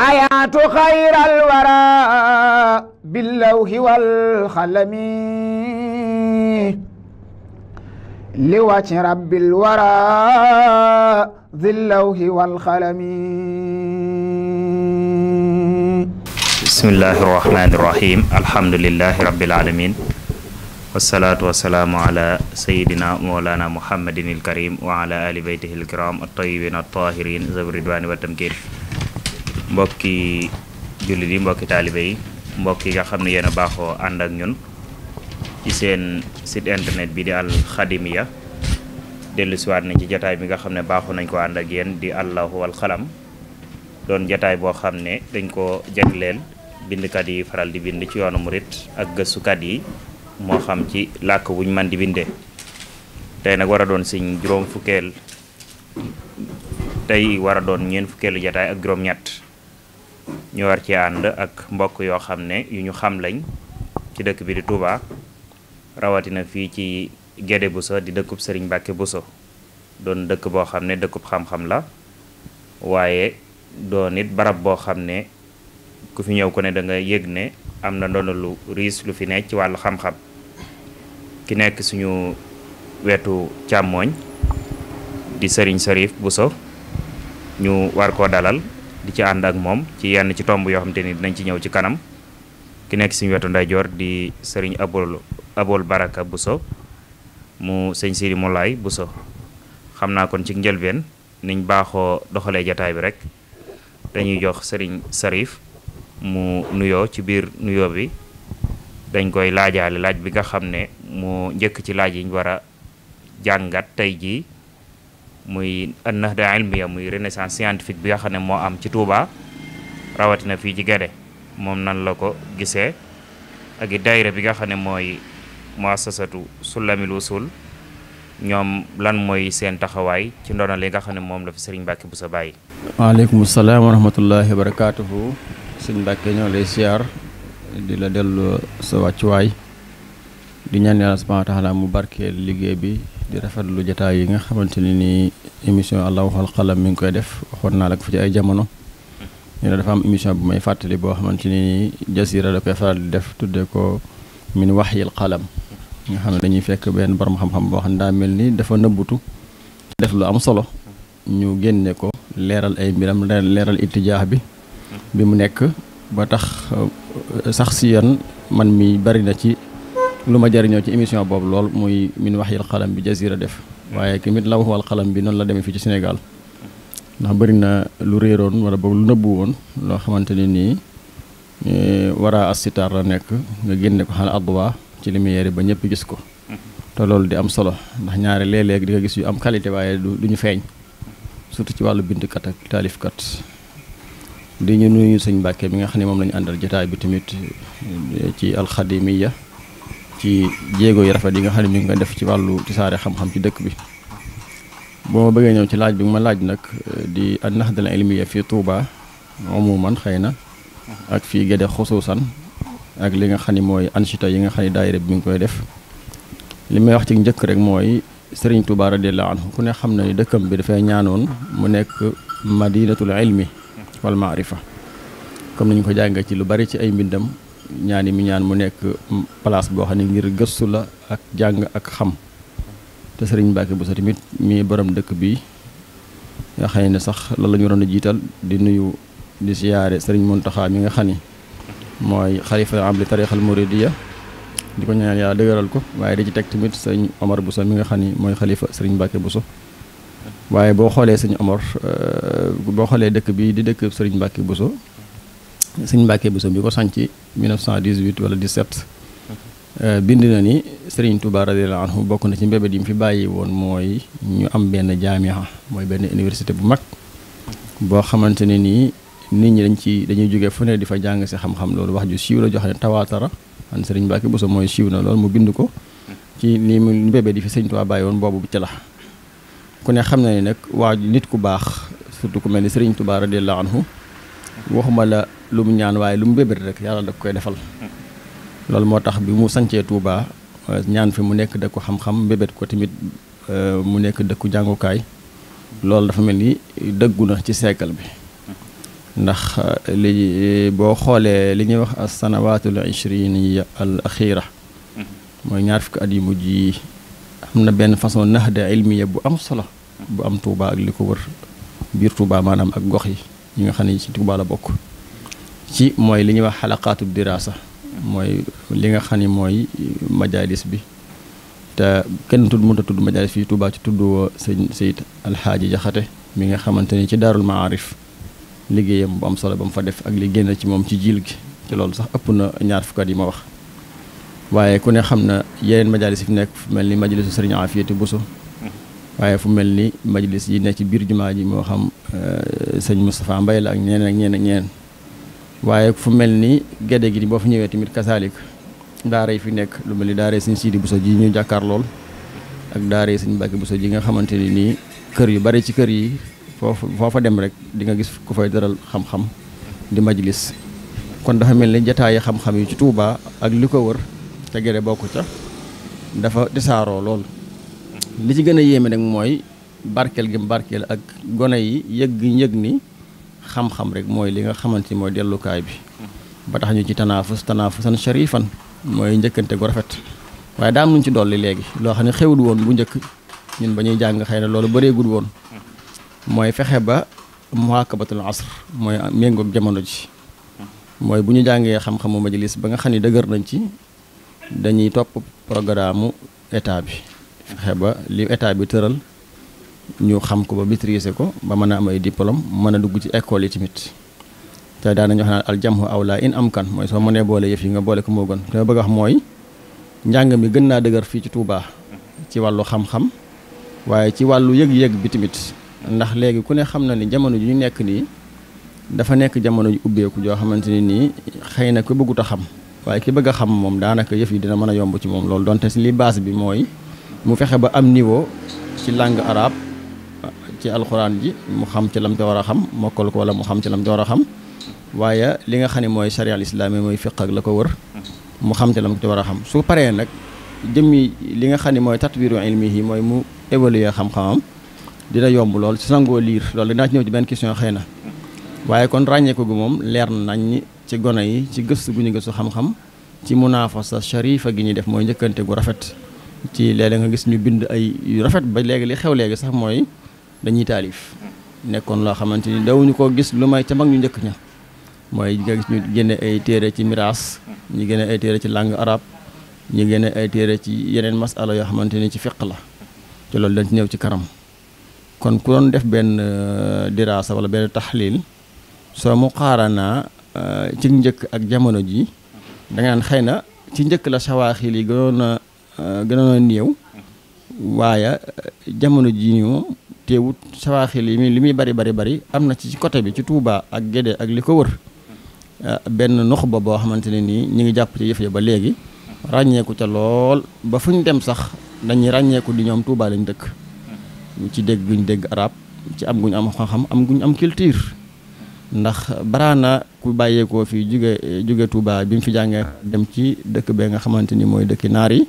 بايعت خير الورى باللوح والخلم لوجه رب الورى ذي اللوح والخلم بسم الله الرحمن الرحيم الحمد لله رب العالمين والصلاة والسلام على سيدنا مولانا محمد الكريم وعلى آل بيته الكرام الطيبين الطاهرين ذوي الرضوان والتمكين mbokki jullit yi mbokki taalibe yi mbokk yi nga xam ne yéen a baaxoo ànd ak ñun ci seen site internet bi di al xadimiya dellu siwaat nañ ci jataay bi nga xam ne baaxoo nañ ko ànd ak yéen di allahu al xalam doon jataay boo xam ne dañ ko jagleel bindkat yi faral di bind ci yoonu murit ak gëstukat yi moo xam ci làkk wuñ man di bindee tey nag war a doon siñ juróom fukkeel tey war a doon ñeent fukkeelu jataay ak juróom-ñett ñu war ci ànd ak mbokk yoo xam ne yu ñu xam lañ ci dëkk bi di Touba rawatina fii ci Guédé Bousso di dëkkub Serigne bu Bousso doon dëkk boo xam ne dëkkub xam-xam la waaye doon it barab boo xam ne ku fi ñëw ko ne da nga yëg ne am na ndono lu riis lu fi nekk ci wàllu xam-xam ki nekk suñu wetu càmmooñ di sëriñ Serigne bu Bousso ñu war koo dalal di ci ànd ak moom ci yenn ci tomb yoo xam te ni dinañ ci ñëw ci kanam ki nekk suñu wetu ndeyjoor di sëriñ Abol Abol Baraka Bousso mu sëñ Sidi Moulay buso xam naa kon ci njëlbeen niñ baaxoo doxalee jataay bi rek dañuy jox sëriñ Sarif mu nuyo ci biir nuyoo bi dañ koy laajaale laaj bi nga xam ne mu njëkk ci laaj yiñ ñu war a jàngat tey jii muy annahda ilmiya muy renaissance scientifique bi nga xam ne moo am ci Touba rawatina fii ci Guédé moom nan la ko gisee ak i daayira bi nga xam ne mooy muassasatu Sulamil Usul ñoom lan mooy seen taxawaay ci ndono li nga xam ne moom la fi Serigne Mbacke bu sa bàyyi. waaleykum salaam wa rahmatullahi barakaatuhu Serigne Mbacke ñoo lay siyaar di la dellu sa wàccuwaay di ñaan yàlla subhaana taala mu barkeel liggéey bi di rafetlu jataay yi nga xamante nii émission allah waxal xalam mi ngi koy def waxoon naa la ko fi ci ay jamono ñu ne dafa am émission bu may fàttali boo xamante ni jasira da koy faral di def tuddee ko min waxyil xalam nga xam ne dañuy fekk benn borom xam-xam boo xam ne daa mel ni dafa nëbbutu def lu am solo ñu génne ko leeral ay mbiram leeral ittijaax bi bi mu nekk ba tax sax si yoon man mi bari na ci lu ma jariñoo ci émission boobu lool muy min waxyil xalam bi jasira def waaye tamit mit law wal xalam bi noonu la demee fii ci Sénégal ndax bëri na lu réeroon wala boog lu nëbbu woon loo xamante ne nii eh, wara asitaar la nekk nga génne ko xanaa adwa ci lumière ba ñëpp gis ko mm-hmm. te loolu di am solo ndax ñaari léeg-léeg di nga gis yu am qualité waaye du ñu feeñ surtout ci wàllu kat ak kat di ñu nuyu sëñ Mbàkke bi nga xam ne moom la ñu àndal jotaay bi tamit eh, ci alxadimiya ci jéego yu rafet yi nga xam ne mu ngi koy def ci wàllu tisaare xam-xam ci dëkk bi boo bëggee ñëw ci laaj bi ma laaj nag eh, di an nahdal ilmiya fii Touba umuman xëy na ak fii Gédé xusuusan ak li nga xam ni mooy anchita yi nga xam ni daayira bi mi ngi koy def li may wax ci njëkk rek mooy sëriñ Touba radiyallahu anhu ku ne xam na ni dëkkam bi dafay ñaanoon mu nekk madinatul ilmi wal maarifa comme ni ñu ko jàngee ci lu bari ci ay mbindam ñaani mi ñaan mu nekk mm, place bo xam ngir gëstu la ak jang ak xam te sëriñ Mbacke Bousso tamit mi borom dekk bi nga sax la lañu jital di nuyu di ziaré sëriñ Mountakha mi nga xam ni khalifa amli am al muridiyya di ko ñaan ya dëgëral ko waye di ci tek tamit sëriñ Omar Bousso mi nga xam moy khalifa xalifa sëriñ Mbacke Bousso waye bo xolé sëriñ Omar euh, bo xolé dekk bi di dëkk sëriñ Mbacke Bousso sëñ Mbàkke Buso bi ko sanc 1918 wala 17 euh, bind na ni Serigne Touba radiyallahu anhu bokk na ci mbébét yi mu fi bàyyi woon mooy ñu am benn jaamiha mooy benn université bu mag boo xamante ne nii nit ñi dañ ci dañuy jóge fu ne di fa jàng si xam-xam loolu wax ju siiw la jox ne tawaatara an Serigne Mbàkke Buso mooy siiw na loolu mu bind ko ci li mu mbébét di fi Serigne Touba bàyyi woon boobu ci la ku ne xam na ni nag waa nit ku baax surtout ku mel ni Serigne Touba radiyallahu anhu waxuma la lu mu ñaan waaye lu mu bébét rek yàlla da koy defal loolu moo tax bi mu sancee Touba ñaan fi mu nekk dëkku xam-xam mbébét ko tamit euh, mu nekk dëkku jàngukaay loolu dafa mel ni dëggu na ci siècle bi ndax euh, li boo xoolee li ñuy wax as sanawaatul ishrin al axira mooy ñaar fukki at yu mujj yi am na benn façon naxda ilmiya bu am solo bu am Touba ak li ko wër biir Touba maanaam ak gox yi yi nga xam ne ci Tuubaa la bokk ci mooy li ñuy wax xalaqaatu diraasa mooy li nga xam ne mooy majalis bi te kenn tudd mënta tudd majalis fii Tuubaa ci tudd woo sëñ Seydi Alxaaji Jaxate mi nga xamante ni ci daarul maarif liggéeyam bu am solo ba mu fa def ak li génn ci moom ci jiil gi ci loolu sax ëpp na ñaar fukkat yi ma wax waaye ku ne xam na yeneen majalis yi fi nekk mel ni majalisu sëriñ Afiyatu Buso waye fu Melni majlis yi ne ci Jima Ham ji mo xam euh, seigne mustapha mbay la ak ñeen ak ñeen ak ñeen waye fu Melni gede gi bo fu ñewé timit kasalik daara yi fi nek lu melni daara seigne sëñ Sidi Bousso ji ñu jakar lool ak daara seigne sëñ Bousso ji nga xamanteni ni kër yu bari ci kër yi fofu fofu dem rek di nga gis ku fay daral xam-xam di majlis kon dafa melni ni xam-xam yu ci Touba ak liko wër te gedde bokku ca dafa tisaro lool li ci gën a yéeme nag mooy barkeel gi barkeel ak gone yi yëg gi yëg ni xam-xam rek mooy li nga xamante ni mooy dellukaay bi ba tax ñu ci tanaafus tanaafusan sharifan mooy njëkkante gu rafet waaye daa am luñ ci dolli léegi loo xam ne xewul woon bu njëkk ñun ba ñuy jàng xëy na loolu bëreegul woon mooy fexe ba muhaakabatul asr mooy méngoog jamono ji mooy bu ñu jàngee xam-xamu majalis ba nga xam ni dëgër nañ ci dañuy topp programme état bi fexe ba li état bi tëral ñu xam ko ba maîtriser ko ba mën a am ay diplôme mën a dugg ci école yi tamit te daanañu wax naan aljamhu awla in am kan mooy soo mënee boole yi nga boole ko moo gën li ma bëgg a wax mooy njàng mi gën na dëgër fi ci Touba ci wàllu xam-xam waaye ci wàllu yëg-yëg bi tamit ndax léegi ku ne xam na ni jamono ji ñu nekk nii dafa nekk jamono ju ubbeeku joo xamante ni nii xëy na ku bëggut a xam waaye ki bëgg a xam moom daanaka yëf yi dina mën a yomb ci moom donte li base bi mooy mu fexe ba am niwo ci langue arabe ci alxuraan ji mu xam ci lam ca war a xam mokkal ko wala mu xam ci lam ca war a xam waaye li nga xam ne mooy sariya islaam yi mooy fiq ak la ko wër mu xam ci lam ca war a xam su paree nag jëmmi li nga xam ne mooy tatbiru ilmi yi mooy mu évaluer xam dina yomb lool ci sangoo liir loolu dinaa ci ñëw ci question xëy na waaye kon ràññeeku gu moom leer nañ ni ci gone yi ci gëstu gu ñu gëstu xam-xam ci munaafasa sharifa gi ñuy def mooy njëkkante gu rafet ci léeg nga gis ñu bind ay yu rafet ba léegi li xew léegi sax mooy dañuy taalif nekkoon loo xamante ni dawuñu ko gis lu may ca mag ñu njëkk ña mooy nga gis ñu génne ay téere ci miraas ñu génne ay téere ci langue arabe ñu génne ay téere ci yeneen masala yoo xamante ci fiq la ci loolu dañ ci ñëw ci karam kon ku doon def benn euh, dirasa wala benn taxlil soo mu xaaranaa euh, ci njëkk ak jamono ji da nga na ci njëkk la sawaaxil yi gënoon Euh, gën a néew waaye euh, jamono ji ñu moom teewut sawaaxil yi li muy bari bari bari am na ci côté bi ci Touba ak Gédé ak li ko wër euh, benn nox ba boo xamante ne nii ñu ngi jàpp ci yëf ba léegi ràññeeku ca lool ba fu ñu dem sax dañuy ràññeeku di ñoom tuubaa lañ dëkk ci dégg guñ dégg arab ci am guñ am xam-xam am guñ am culture ndax baraana ku bàyyeekoo fi jóge jóge Touba bi mu fi jàngee dem ci dëkk bee nga xamante ni mooy dëkki naar yi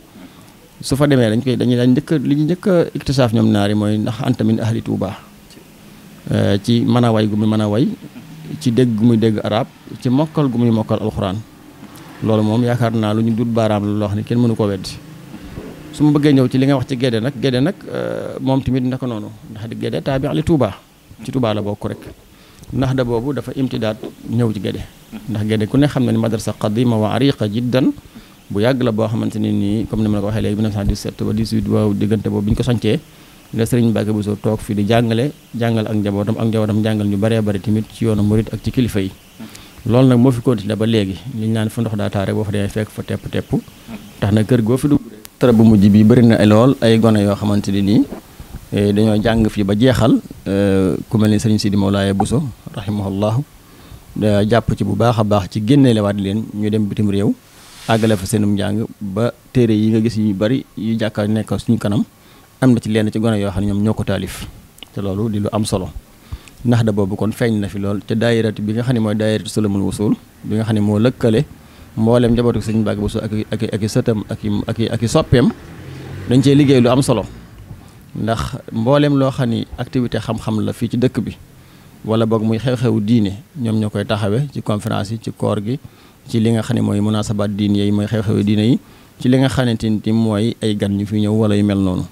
su fa démé dañ koy dañ dañ njëkk li ñu ñëk iktisaf ñom naari moy ndax anta min ahli euh ci mana way gu muy way ci dégg gu dégg arab ci mokal gu muy mokkal alxuraan loolu moom yaakaar naa lu ñu dut baaraam la loo xam ne kenn mënu ko wedd su ma bëggee ñëw ci li nga wax ci gédde nag gédde nag eh, moom tamit naka noonu ndax di gédde taabi li tuuba ci tuuba la bokk rek ndax da boobu dafa imtidaat ñëw ci gédde ndax gédde ku ne xam ni madrasa qadima wa ariqa jiddan bu yàgg la boo xamante ni nii comme ni ma la ko waxee léegi 1917 ba 18 waaw diggante boobu bi ko sancee la Serigne bu Bousso toog fii di jàngale jàngal ak njabootam ak njabootam jàngal ñu baree bari tamit ci yoonu murit ak ci kilifa yi loolu nag moo fi continué ba léegi li ñu naan fa ndox daa rek boo fa demee fekk fa tepp tepp tax na kër goo fi du bu mujj bi bëri na ay lool ay gone yoo xamante ni nii e, dañoo jàng fii ba jeexal e, ku mel ni Serigne Sidi Mawlaaya Bousso rahimahullahu da jàpp ci bu baax a baax ci génneelewaat leen ñu dem bitim réew agale fa senum jang ba tere yi nga gis bari yu jàkkaar nekk suñu kanam am na ci lenn ci gone yo xam ñom ñoko talif taalif te di lu am solo nax da bobu kon feñ na fi lool te daayirati bi nga xani moy mooy daayirati Wusul bi nga xani mo lekkale mbollem jabatu njabootu sëñ bu su ak ak ak setam ak ak ak sopem dañ ci liggey lu am solo ndax mbollem lo xani ni activité xam-xam la fi ci dëkk bi wala bok muy xew xew diine ñom ñokoy taxawé ci conférence ci koor gi ci li nga xam ne mooy munaasabaat diin yi mooy xew-xewi diine yi ci li nga xamante ni mooy ay gan ñu fi ñëw wala yu mel noonu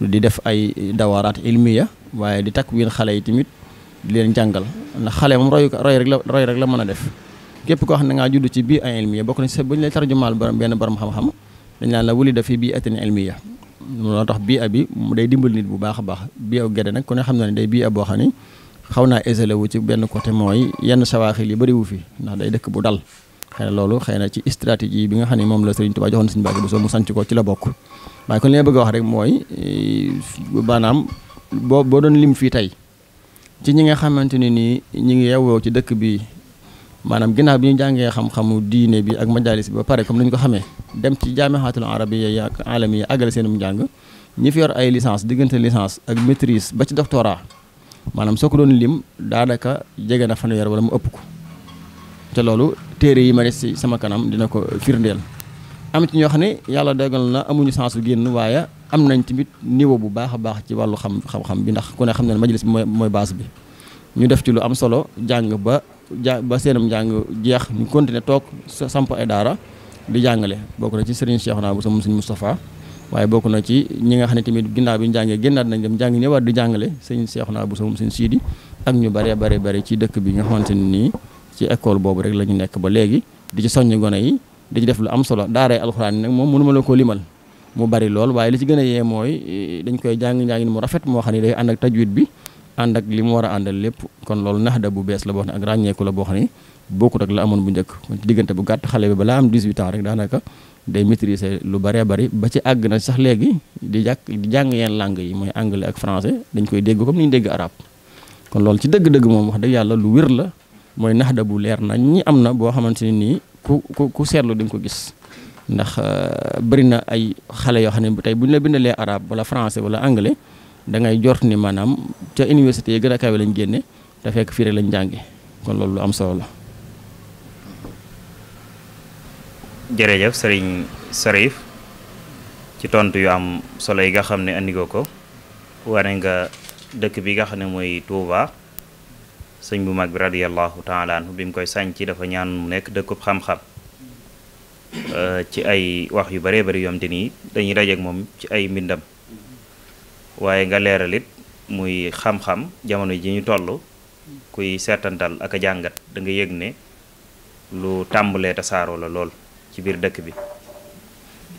di def ay dawaaraat ilmiya waaye di takwin xale yi tamit di leen jàngal ndax xale moom roy roy rek la roy rek la mën a def képp koo judd ci ay ilmiya bokk na ci sa bu ñu lay borom xam-xam dañ la wuli dafi atin ilmiya loolu tax bi abi bi mu day dimbal nit bu baax a baax bii a gede nag ku ne xam na ne day bii a boo xam ni xaw naa isolé wu ci benn côté mooy yenn yi wu fi ndax day bu dal xëy na loolu xëy na ci stratégie bi nga xam ne moom la Serigne Touba joxoon Serigne Mbacké Bousso mu sanc ko ci la bokk waaye kon li bëgg a wax rek mooy euh, maanaam boo boo doon lim fii tey ci ñi nga xamante ne nii ñi ngi yeewoo ci dëkk bi maanaam ginnaaw bi ñu jàngee xam-xamu diine bi ak majalis bi ba pare comme ni ñu ko xamee dem ci jaamixaatul arabiya ak alami yi àggale seenum njàng ñi fi yor ay licence diggante licence ak maîtrise ba ci doctorat maanaam soo ko doon daanaka jege na fanweer wala mu ëpp ko te loolu téere yi ma des sama kanam dina ko firndeel am ci ñoo xam ne yàlla dogal na amuñu chance su génn waaye am nañ tamit niveau bu baax a baax ci wàllu xam xam bi ndax ku ne xam ne majalis bi mooy mooy base bi ñu def ci lu am solo jàng ba ja ba seenam njàng jeex ñu continuer toog samp ay daara di jàngale bokk na ci Serigne Cheikh naa bu sa Serigne Moustapha waaye bokk na ci ñi nga xam ne tamit ginnaaw bi ñu génnaat nañ dem jàng ñëwaat di jàngale Serigne Cheikh naa bu sama Serigne ak ñu bare bare bare ci dëkk bi nga xamante ni nii ci école bobu rek lañu nek ba légui di ci soñu gona yi di ci def lu am solo daara alcorane nak mom mënuma lako limal mu bari lol waye li ci gëna yé moy eh, dañ koy jang njàngin mu rafet mo xani day and ak tajwid bi and ak limu wara andal lepp kon lol nahda bu bes la bo xani ne ak ràññeeku la bo xani bokut ak la amoon bu ñëk digënté bu gatt xalé bi bala am 18 ans rek daanaka day maîtriser lu bari bari ba ci ag na sax légui di jak di jang yeen langue yi moy anglais ak français dañ koy dégg comme ni dégg arab kon lol ci dëgg-dëgg mom wax dëgg yalla lu wér la moy nahda bu leer na ñi am na xamanteni ni ku ku ku ding ko gis ndax euh, bari na ay xalé yo xam tay buñ bu ñu la arab arabe wala français wala anglais da ngay jort ni manam ci université yi gëna kawé lañu lañ da fekk firé lañu jàngé kon loolu am solo la. jërëjëf sëriñ Sarif ci tontu yu am solo yi nga xam andi goko ko nga dëkk bi nga xam moy Touba sëñ bu mag bi radiallahu taala anhu bi mu koy sànc dafa ñaan mu nekk dëkkub xam-xam euh, ci ay wax yu baree bari yom dini nii dañuy dajeek mom ci ay mbindam waaye nga leeralit muy xam-xam jamono ji ñu toll kuy seetantal ak a aka da nga yëg ne lu tàmbalee tasaaroo la lool ci biir dëkk bi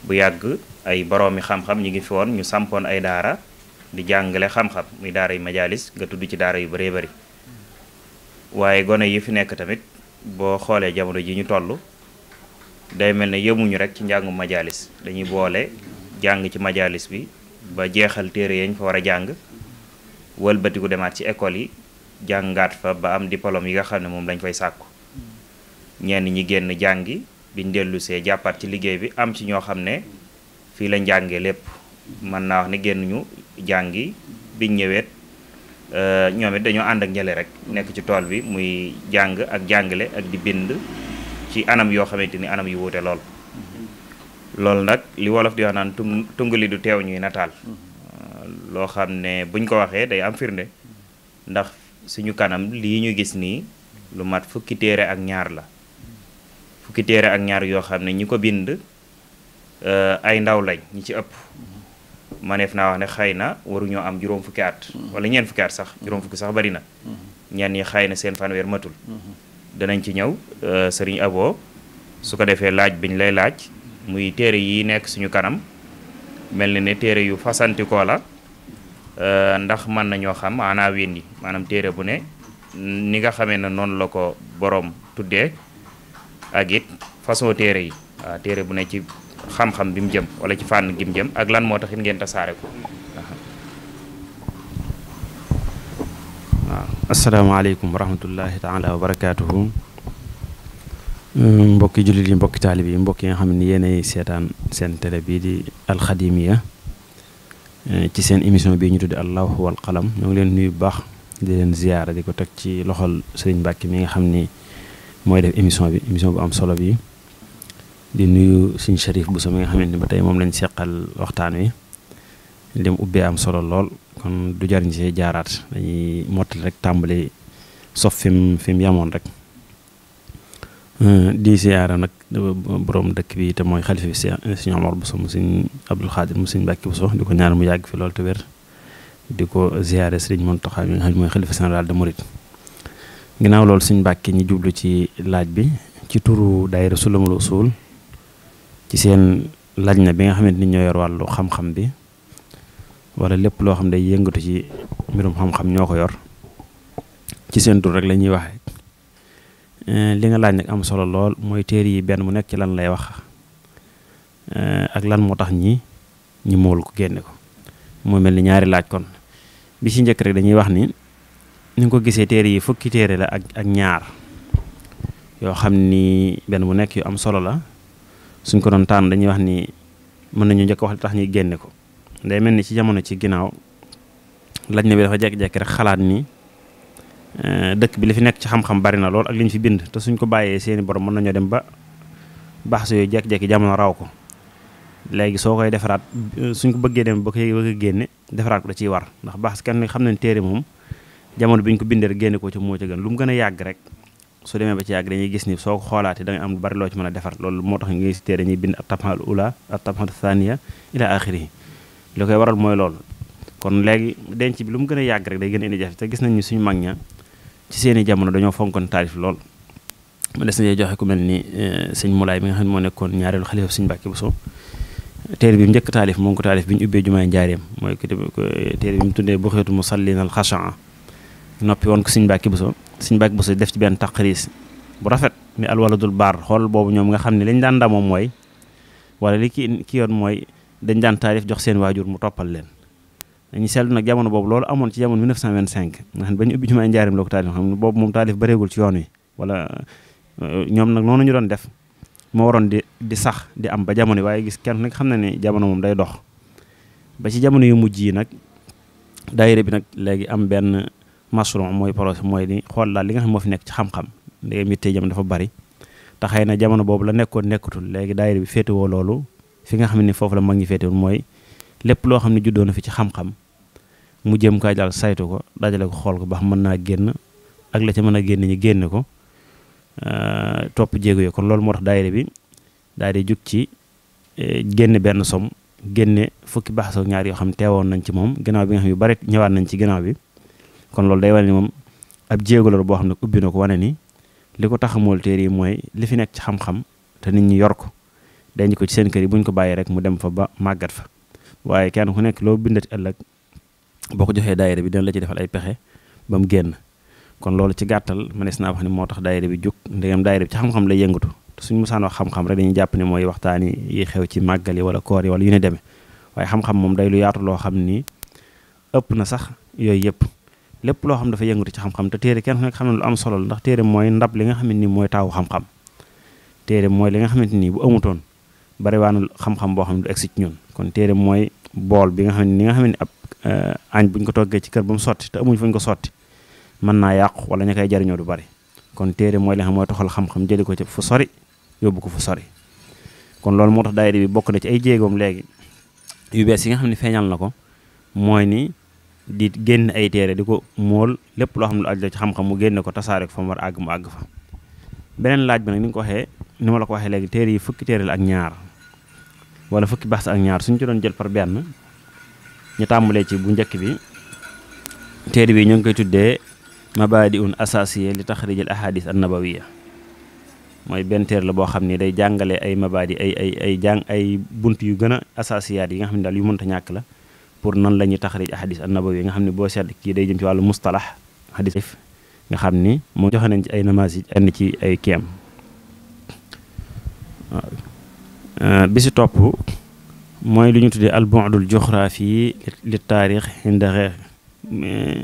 bu yàgg ay boroomi xam-xam ñu ngi fi woon ñu sampon ay daara di jàngale xam-xam muy daara yu majalis nga di ci daara yu baree bari waaye gone yi fi nekk tamit boo xoolee jamono ji ñu toll day mel ne yemuñu rek ci njàngu majalis dañuy boole jàng ci majalis bi ba jeexal téere yañ fa war a jàng wëlbatiku demaat ci école yi jàngaat fa ba am diplôme yi nga xam ne moom lañ koy sàkku ñenn ñi génn jàngi biñ dellu see jàppaat ci liggéey bi am ci ñoo xam ne fii lañ jàngee lépp mën naa wax ne génn ñu jàngi biñ ñëweet Eh, ñoom it dañoo ànd ak ñële rek nekk ci tool bi muy jàng ak jàngale ak di bind ci anam yoo xamante ni anam yu wuute lool loolu nag li wolof di wax naan tungali du teew ñuy nataal eh, loo xam ne buñ ko waxee day am firnde ndax suñu kanam lii ñu gis nii lu mat fukki téere ak ñaar la fukki téere ak ñaar yoo xam ne ñi ko bind eh, ay ndaw lañ ñi ci ëpp maneef naa wax ne xëy na waruñoo am juróom fukki at mm-hmm. wala ñeent fukki at sax mm-hmm. juróom fukki sax bari na mm-hmm. ñenn ñi xëy na seen fanweer matul danañ ci ñëw euh, sëriñ Abo su ko defee laaj biñ lay laaj muy téere yi nekk suñu kanam mel na ne téere yu fasantikoo la euh, ndax mën nañoo xam ana wendi maanaam téere bu ne ni nga xamee ne noonu la ko boroom tuddee ak it façon téere yi waaw téere bu ne ci xam-xam bi mu jëm wala ci fànn gi mu jëm ak lan moo taxit ngeen tasaare ko waaw asalaamaaleykum wa rahmatullahi taala wa barakaatuhu mm, mbokki jullit yi mbokki taalib yi mbokk yi nga xam ne yéenay seetaan seen télé bii di alxadimiya eh, ci seen émission bii ñu tuddi allahu wal qalam ñoo ngi leen nuyu baax di leen ziyaara di ko teg ci loxol sëriñ Mbàkke mi nga xam ni mooy def émission bi émission bu am solo bi di nuyu suñ Cherif Bousso mi nga xamante ni ba tey moom lañ seqal waxtaan wi lim ubbee am solo lool kon du jariñ see jaaraat dañuy mottali rek tàmbali sof fi mu yamoon rek di siyaara nag borom dëkk bi te mooy xalifa bi Sëñ Omar Bousso mu Sëñ Abdul Xaadir mu Sëñ Mbàkke Bousso di ko ñaar mu yàgg fi lool te wér di ko ziyaare Sëriñ Mountakha mi nga xam ne mooy xalifa général de Mouride ginnaaw loolu Sëñ Mbàkke ñi jublu ci laaj bi ci turu daayira Sulamul suul ci seen laaj na bi nga xamante ni ñoo yor wàllu xam-xam bi wala lépp loo xam day yëngatu ci mbirum xam-xam ñoo ko yor ci seen tur rek lañuy ñuy eh, li nga laaj nag am solo lool mooy téere yi benn mu nekk ci lan lay wax eh, ak lan moo tax ñi ñi mool ko génne ko moo mel ni ñaari laaj kon bi ci njëkk rek dañuy wax ni ni nga ko gisee téere yi fukki téere la ak ak ñaar yoo xam nii benn mu nekk yu am solo la suñ ko doon tànn dañuy wax ni mën nañu njëkk wax tax ñuy génne ko day mel ni ci jamono ci ginnaaw laj na bi dafa jekki-jekki rek xalaat ni eh, dëkk bi li fi nekk ci xam-xam bari na lool ak li ñu fi bind te suñ ko bàyyee seeni borom mën nañoo dem ba bax su yooyu jekki-jekki jamono raw ko léegi soo koy defaraat suñ ko bëggee dem ba koy bëgg a génne defaraat ko da ciy war ndax baax kenn xam nañ téere moom jamono biñ ñu ko bindee génne ko ci moo ca gën lu mu gën a yàgg rek su demee ba ci yàgg dañuy gis ni soo ko xoolaatee da nga am lu bari loo ci mën a defar loolu moo tax ngay cité dañuy bind at-tabxal ula at-tabxal thaniya ila axiri li koy waral mooy lool kon léegi denc bi lu mu gën a yàgg rek day gën a indi jafe te gis nañ ni suñu mag ña ci seeni jamono dañoo fonkoon taalif lool ma des joxe ku mel ni eh, sëñ Moulay bi nga xam ne moo nekkoon ñaareelu xalifa sëñ Mbàkke Buso téere bi mu njëkk taalif moo ngi ko taalif bi ñu ubbee jumaay njaareem mooy téere bi mu tuddee bu xeetu mu sallinal xachan noppi woon ko sëñ Mbàkke Buso suñ bàkk bu sa def ci benn taqriis bu rafet mi alwaladul baar xool boobu ñoom nga xam ne liñ daan ndamoo mooy wala li ki ki yoon mooy dañ daan taalif jox seen waajur mu toppal leen dañu seetlu nag jamono boobu loolu amoon ci jamono 1925 nga xam ne ba ñu ubbi jumaa njaarim loo ko taalif moom euh, ñoom nag noonu ñu doon def moo waroon di di sax di am ba jamono waaye gis kenn xam na ne jamono moom day dox ba ci jamono yu mujj yi nag daayira bi nag léegi am benn masron mooy projet mooy ni xool daal li nga xam moo fi nekk ci xam-xam ndegem yitte jam dafa bari te xëy na jamono boobu la nekkoon nekkatul léegi daayira bi féetewoo loolu fi nga xam ne foofu la mag ñi féetewul mooy lépp loo xam ne juddoo na fi ci xam-xam mu jëm kaa daal saytu ko dajale ko xool ko baax xam mën naa génn ak la ca mën a génn ñi génn ko euh, topp jéego yi kon loolu moo tax daayira bi daal di jug ci euh, génn benn som génne fukki baax ak ñaar yoo xam teewoon nañ ci moom gannaaw bi nga yu bari ñëwaat nañ ci gannaaw bi kon loolu day wane ni moom ab jéego la boo xam ne ubbi na ko wane nii li ko tax a mool yi mooy li fi nekk ci xam-xam te nit ñi yor ko denc ko ci seen kër yi bu ñu ko bàyyi rek mu dem fa ba màggat fa waaye kenn ku nekk loo bindati ëllëg boo ko joxee daayira bi dina la ci defal ay pexe ba mu génn kon loolu ci gàttal mënees naa wax ne moo tax daayira bi jóg ndegam daayira bi ci xam-xam lay yëngatu suñ mosaan wax xam-xam rek dañuy jàpp ne mooy waxtaan yi xew ci màggal yi wala koor wala yu ne demee waaye xam moom day yaatu loo xam ni ëpp na sax yooyu yëpp lépp loo xam dafa yëngatu ci xam-xam te téere kenn ku nekk xam ne lu am solo la ndax téere mooy ndab li nga xam ne mooy taawu xam-xam téere mooy li nga xamante ni bu amutoon bari waanu xam-xam boo xam ne du egsi ci ñun kon téere mooy bool bi nga xam ne ni nga xam ne ab eh, añ buñ ko toggee ci kër ba mu sotti te amuñ fuñ ko sotti mën naa yàqu wala ña koy jariñoo du bari kon téere mooy li nga xam mooy toxal xam-xam jëli ko ci fu sori yóbbu ko fu sori kon loolu moo tax daayira yi bokk na ci ay jéegoom léegi yu bees yi nga xam ne feeñal na ko ni di génn ay téere di ko mool lépp loo xam ne lu aju la ci xam-xam mu génne ko tasaare ko fa mu war àgg mu àgg fa beneen laaj bi nag ni ko waxee ni ma la ko waxee léegi téer yi fukki téere la ak ñaar wala fukki baxs ak ñaar suñ ci doon jël par benn ñu tàmbalee ci bu njëkk bi téere bi ñu ngi koy tuddee mabaadi un asasiya li taxrij al ahadis an nabawiya mooy benn téere la boo xam ni day jàngale ay mabaadi ay ay ay jàng ay bunt yu gën a asasiyaat yi nga xam ne daal yu mënta ñàkk la pour nan la ñuy taxrij ahadis annabawi nga xam ne boo seet kii day jëm ci wàllu mustalax hadis nga xam ni moom joxe nañ ci ay namasi ànd ci ay keem bi si topp mooy lu ñu tuddee albondul joxraafi li taarix indaxe eh,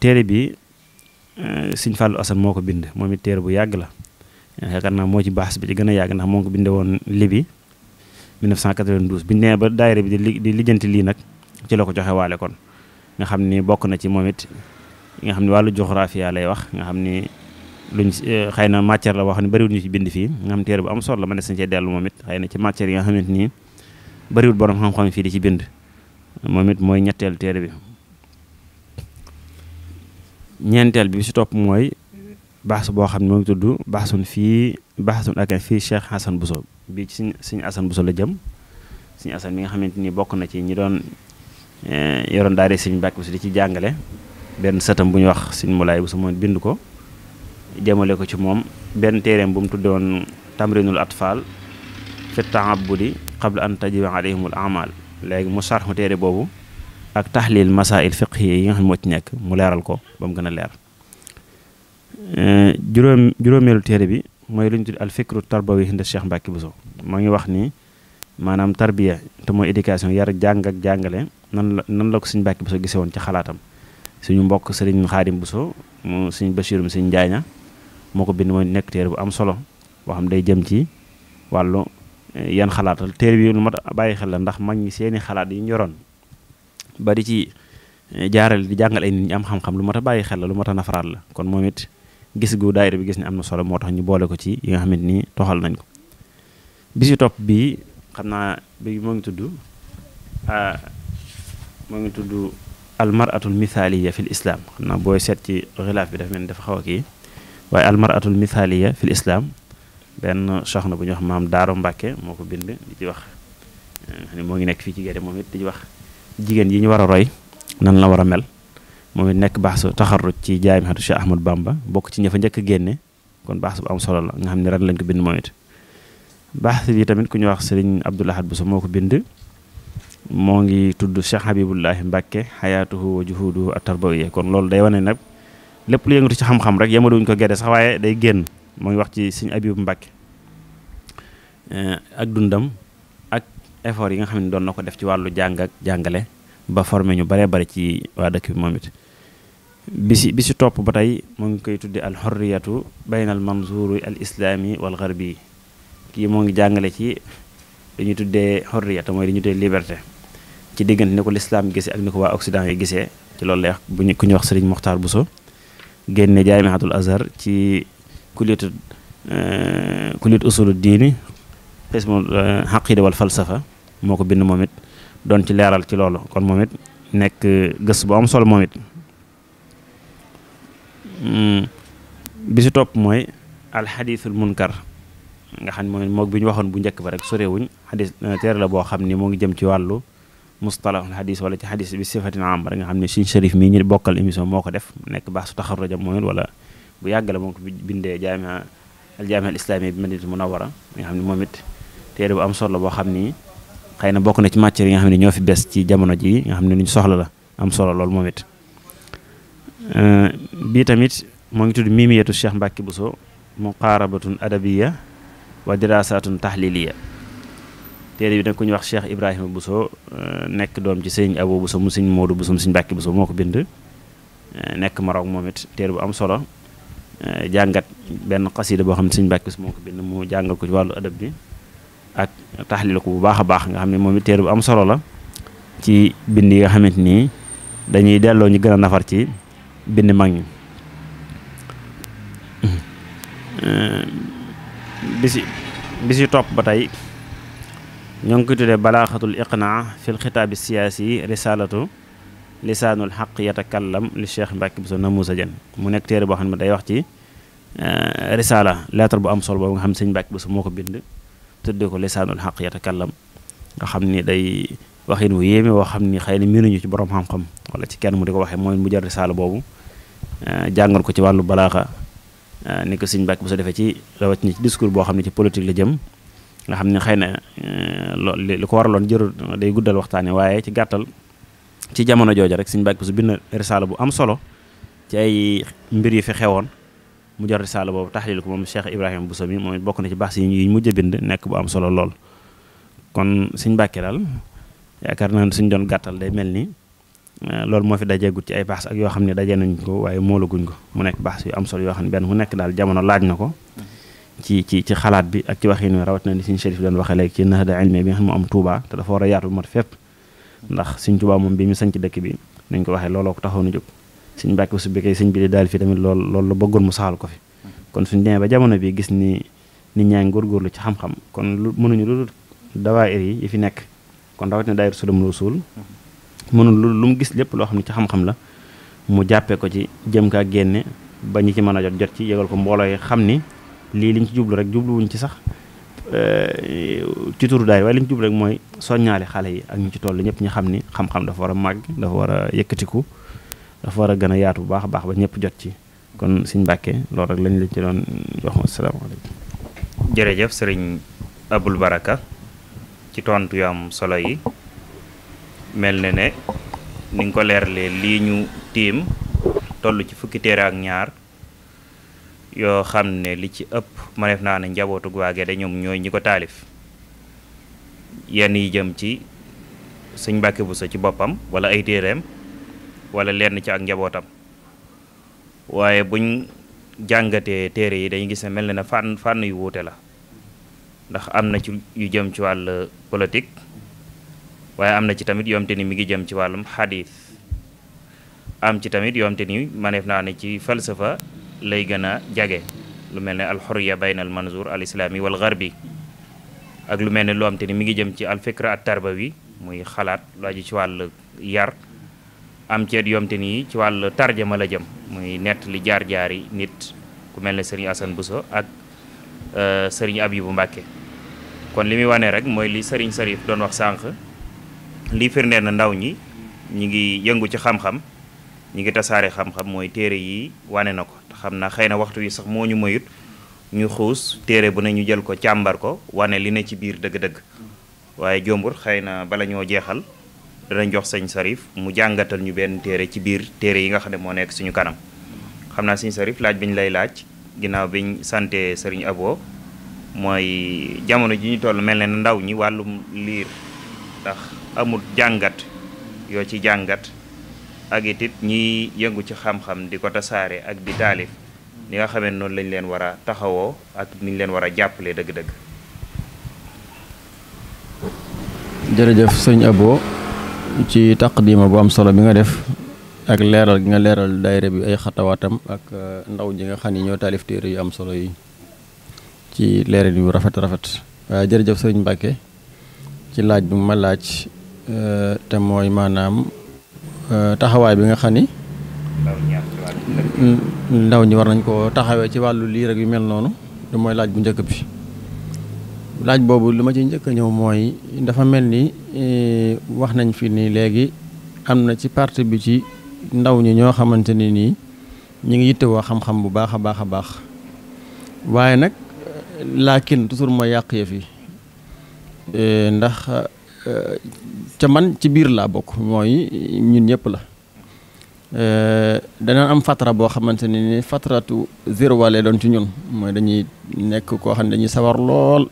téere bi eh, Sëñ Fallou Assane moo ko bind moom it téere bu yàgg la yaakaar naa moo ci baax bi ci gën a yàgg ndax moo ko binde woon libi 1992 biñ nee ba daayira bi di di lijjanti lii nag ci la ko joxe waale kon nga xam ni bokk na ci moom it nga xam ni wàllu géographie lay wax nga xam ni luñ eh, xëy na matière la wax ni bëriwul ñu ci bind fii nga bu am solo la ma ne sañ cee dellu moom it xëy na ci matière yi ni bëriwul borom xam fii di ci bind moom mooy ñetteelu téere bi ñeenteel bi si topp mooy baax boo xam ne moo ngi tudd baaxsun fii baaxsun ak fii Cheikh Hassan Bousso bii ci suñu asan bu so la jëm suñu asan bi nga xamante ni bokk na ci ñi doon eh, yoroon daare suñu mbàkk bi su di ci jàngale benn sëtam bu ñu wax suñu mulaay bu su moom bind ko jëmale ko ci moom benn téereem bu mu tuddoon tamrinul atfal fi taabudi qabla an tajiba alayhimul amal léegi mu sarxu téere boobu ak taxlil masail fiqhi yi nga xam moo ci nekk mu leeral ko ba mu gën a leer eh, juróomeelu téere bi mooy lu ñu tudd al fikru tarbawi hinda Cheikh Mbacke Bousso moo ngi wax ni maanaam tarbiya te mooy éducation yar jàng ak jàngale nan la nan la ko suñu Mbacke Bousso gisee woon ci xalaatam suñu mbokk sëriñ Xaadim Bousso mu suñu Bachirum suñu Njaaña moo ko bind mooy nekk téere bu am solo boo xam day jëm ci wàllu eh, yan xalaatal téere bi lu mat bàyyi xel la ndax mag ñi seeni xalaat yi ñu yoroon ba di ci eh, jaarale di jàngal ay nit ñi am xam-xam lu mat a bàyyi xel la lu mat a nafaraat la kon moom gis gu daayira bi gis ni am na solo moo tax ñu boole ko ci yi nga xamante ni toxal nañ ko bis yu topp bi xam naa bi moo ngi tudd moo ngi tudd almaratul mithaliya fil islam xam naa booy seet ci xilaaf bi daf mel ni dafa xaw a kii waaye mithaliya fil islam benn soxna bu ñu wax maam Daaro Mbàkke moo ko bind di ci wax eh, moo ngi nekk fii ci gerte moom di ci wax jigéen yi ñu war roy nan la war mel moom nek nekk baax su taxarruj ci jaamihatu Cheikh Ahmad Bamba bok ci ñafa fa genné kon baax am solo la nga xamni ne lañ ko bind moom it baax bi tamit ku ñu wax serigne abdullah hadbu so moko bind mo ngi tuddu Cheikh habibullah Mbacke hayatuhu wa juhuduhu at-tarbawiyya kon lool day wone nak lepp lu yëngu ci xam-xam rek yamaduñ ko gëdé sax waye day genn mo ngi wax ci serigne habib Mbacke eh, ak dundam ak effort yi nga xamni doon nako def ci walu jang ak ba formé ñu bare bari ci wa dëkk bi momit bisi bi topp ba tey moo ngi koy tudde alxorriyatu bayna al manzuri al islaami wal garbi kii moo ngi jàngale ci li ñuy tuddee xorriyata mooy li ñu tuddee liberté ci diggante ni ko lislaam gisee ak ni ko waa occident yi gisee ci loolu lay wax bu ñu ku ñuy wax sëriñ Moxtaar Buso génne jaamiatul azhar ci kuliyatu euh, kuliyat usulu diini xismu xaqida euh, wal falsafa moo ko bind moom it doon ci leeral ci loolu kon moom it nekk gës bu am solo moom it Mm. bi si topp mooy alxadiisul munkar nga xam ne mooy moog bi ñu waxoon bu njëkk ba rek sorewuñ xadis euh, teere la boo xam ni moo ngi jëm ci wàllu mustalahul xadis wala ci xadis bi sifatin am rek nga xam ne suñ sharif mii ñu bokkal émission moo ko def nekk baax su taxarrojam mooy wala bu la moo ko bindee jaamia al jaamia al islaami bi madinatul munawara nga xam ne moom it teere bu am solo boo xam ni xëy na bokk na ci matière yi nga xam ne ñoo fi bes ci jamono ji nga xam ne lu ñu soxla la am solo loolu moom Euh, bii tamit moo ngi tudd mimiyatu Cheikh Mbacke Bousso muqaarabatun adabiya wa dirasatun tahliliya téere bi nag ku ñu wax Cheikh Ibrahima bu so euh, nekk doom ci sëñ Abo Bousso mu sëñ Modou Bousso mu sëñ Mbacke bind euh, nekk Maroc moom it bu am solo jàngat benn xasida boo xam ne sëñ Mbacke Bousso moo ko bind mu jàngal ko ci wàllu adab bi ak taxlil ko bu baax a baax nga xam ni moom it téere bu am solo la ci bind yi nga xamante ni dañuy delloo ñu gën a nafar ci bind mag ñi bisi bisi topp ba tey ñoo ngi koy tuddee balaaxatul iqnaa fil xitaabi siyaasi risalatu lisaanul xaq yatakallam li cheikh Mbàkke Buso Namuusa Jën mu nekk téere boo xam ne day wax ci risala lettre bu am solo boobu nga xam ne sëñ Mbàkke Buso moo ko bind tuddee ko lisaanul xaq yatakallam nga xam ni day waxin wu yéeme woo xam ni xëy na miinuñu ci borom xam-xam wala ci kenn mu di ko waxee mooy mu jël risaala boobu Euh, jàngal ko ci wàllu balaaxa euh, ni ko sëñ Mbàkke bu sa defee ci rawat ni ci discours boo xam ne ci politique la jëm nga xam ne xëy na euh, loo li ko waraloon jër day guddal waxtaane waaye ci gàttal ci jamono jooja rek sëñ Mbàkke bu su bind bu am solo ay mbir yi fi xewoon mu jot risaala boobu tax taxlil ko moom Cheikh Ibrahima Bousso mi moom bokk na ci baax si yi mujj a bind nekk bu am solo lool kon sëñ Mbàkke daal yaakaar naa ne suñ doon gàttal day mel nii Euh, loolu moo fi dajeegut ci ay baax ak yoo xam ne daje nañ ko waaye moolaguñ ko mu nekk baax yu am solo yoo xam ne benn mu nekk daal jamono laaj na ko ci ci xalaat bi ak ci waxin wi rawat na ni suñu chérif doon waxee léegi ci nahda ilmi bi nga xam ne mu am a yaatu bu mat fépp ndax suñ bi mu sanc dëkk bi nañ ko waxee looloo ko taxoon a jóg suñ bàkki su bikay suñ bi di daal fii tamit lool lool la bëggoon mu saxal ko fi kon suñ demee ba jamono bi gis ni nit ñaa ngi góorgóorlu ci xam-xam kon lu mënuñu lu dawaayir yi fi nekk kon rawat na daayir sudum rasul mënul lu mu gis lépp loo xam ne ci xam-xam la mu jàppee ko ci jëm kaa génne ba ñi ci mën a jot jot ci yëgal ko mbooloo yi xam ni lii liñ ci jublu rek jubluwuñ ci sax eh, ci turu daay waaye liñ ci jublu rek mooy soññaale xale yi ak ñu ci toll ñëpp ñu xam ni xam-xam dafa war a màgg dafa war a yëkkatiku dafa war a gën a yaatu bu baax a baax ba ñëpp jot ci kon Sëñ Mbàkke loolu rek lañ la ci doon wax asalaamaaleykum. jërëjëf sëriñ Abul Baraka ci tontu yu am solo yi. mel na ne ni nga ko leerlee lii ñu tiim toll ci fukki téere ak ñaar yoo xam ne li ci ëpp ma def naa ne njabootu waa da ñoom ñooy ñi ko taalif yenn yi jëm ci sëñ bu Buso ci boppam wala ay téereem wala lenn ci ak njabootam waaye buñ jàngatee téere yi dañuy gis ne mel na ne fànn fànn yu wuute la ndax am na ci yu jëm ci wàll politique waaye am na ci tamit yoo te ni mi ngi jëm ci wàllum xadiis am ci tamit yoo ni maneef naa ne ci falsafa lay gën a jage lu mel ne alxuriya bayna al manzour al islami wal garbi ak lu mel ne loo xam te ni mi ngi jëm ci alfikra at tarbawi muy xalaat lu aju ci wàll yar am ceet yoo te ni ci wàll tarjama la jëm muy nett li jaar-jaari nit ku mel ne sëriñ Assane Bousso ak euh, sëriñ Abibou Mbàkke kon li muy wanee rek mooy li sëriñ Sarif doon wax sànq lii firndee na ndaw ñi ñi ngi yëngu ci xam-xam ñi ngi tasaare xam-xam mooy téere yi wane na ko xam na xëy na waxtu wi sax moo ñu mayut ñu xuus téere bu ne ñu jël ko càmbar ko wane li ne ci biir dëgg-dëgg waaye jombur xëy na bala ñoo jeexal danañ jox sañ Sarif mu jàngatal ñu benn téere ci biir téere yi nga xam ne moo nekk suñu kanam xam naa suñ Sarif laaj bi ñu lay laaj ginnaaw biñ sante sëriñ Abo mooy jamono ji ñu toll mel ne ndaw ñi wàllum liir amut jangat yoo ci jàngat ak it it ñiy yëngu ci xam-xam di ko tasaare ak di talif, ni nga xamee noonu lañ leen war a taxawoo ak niñ leen war a jàppale dëgg jërëjëf Abo ci taqdima bu am solo bi nga def ak leral gi nga leeral daayira bi ay xatawaatam ak uh, ndaw ji nga xam ni ñoo taalif yu am solo yi ci leeral yu rafet rafet waaye uh, jërëjëf sëñ Mbàkke ci laaj bi ma laaj Eh, te mooy maanaam eh, taxawaay bi nga xam ni mm, ndaw ñi war nañ koo taxawee ci wàllu lii rek yu mel noonu du mooy laaj bu njëkk bi laaj boobu li ma ci njëkk ñëw mooy dafa mel ni eh, wax nañ fi ni léegi am na ci parti bi ci ndaw ñi ñoo xamante ni nii ñu ngi yittewoo xam-xam bu baax a baax a baax waaye nag laakin toujours mooy yàq yëf yi ndax ca man ci biir laa bokk mooy ñun ñëpp la euh, dana am fatara boo xamante ne ni fataratu zéro wàllee doon ci ñun mooy dañuy nekk koo xam ne dañuy sawar lool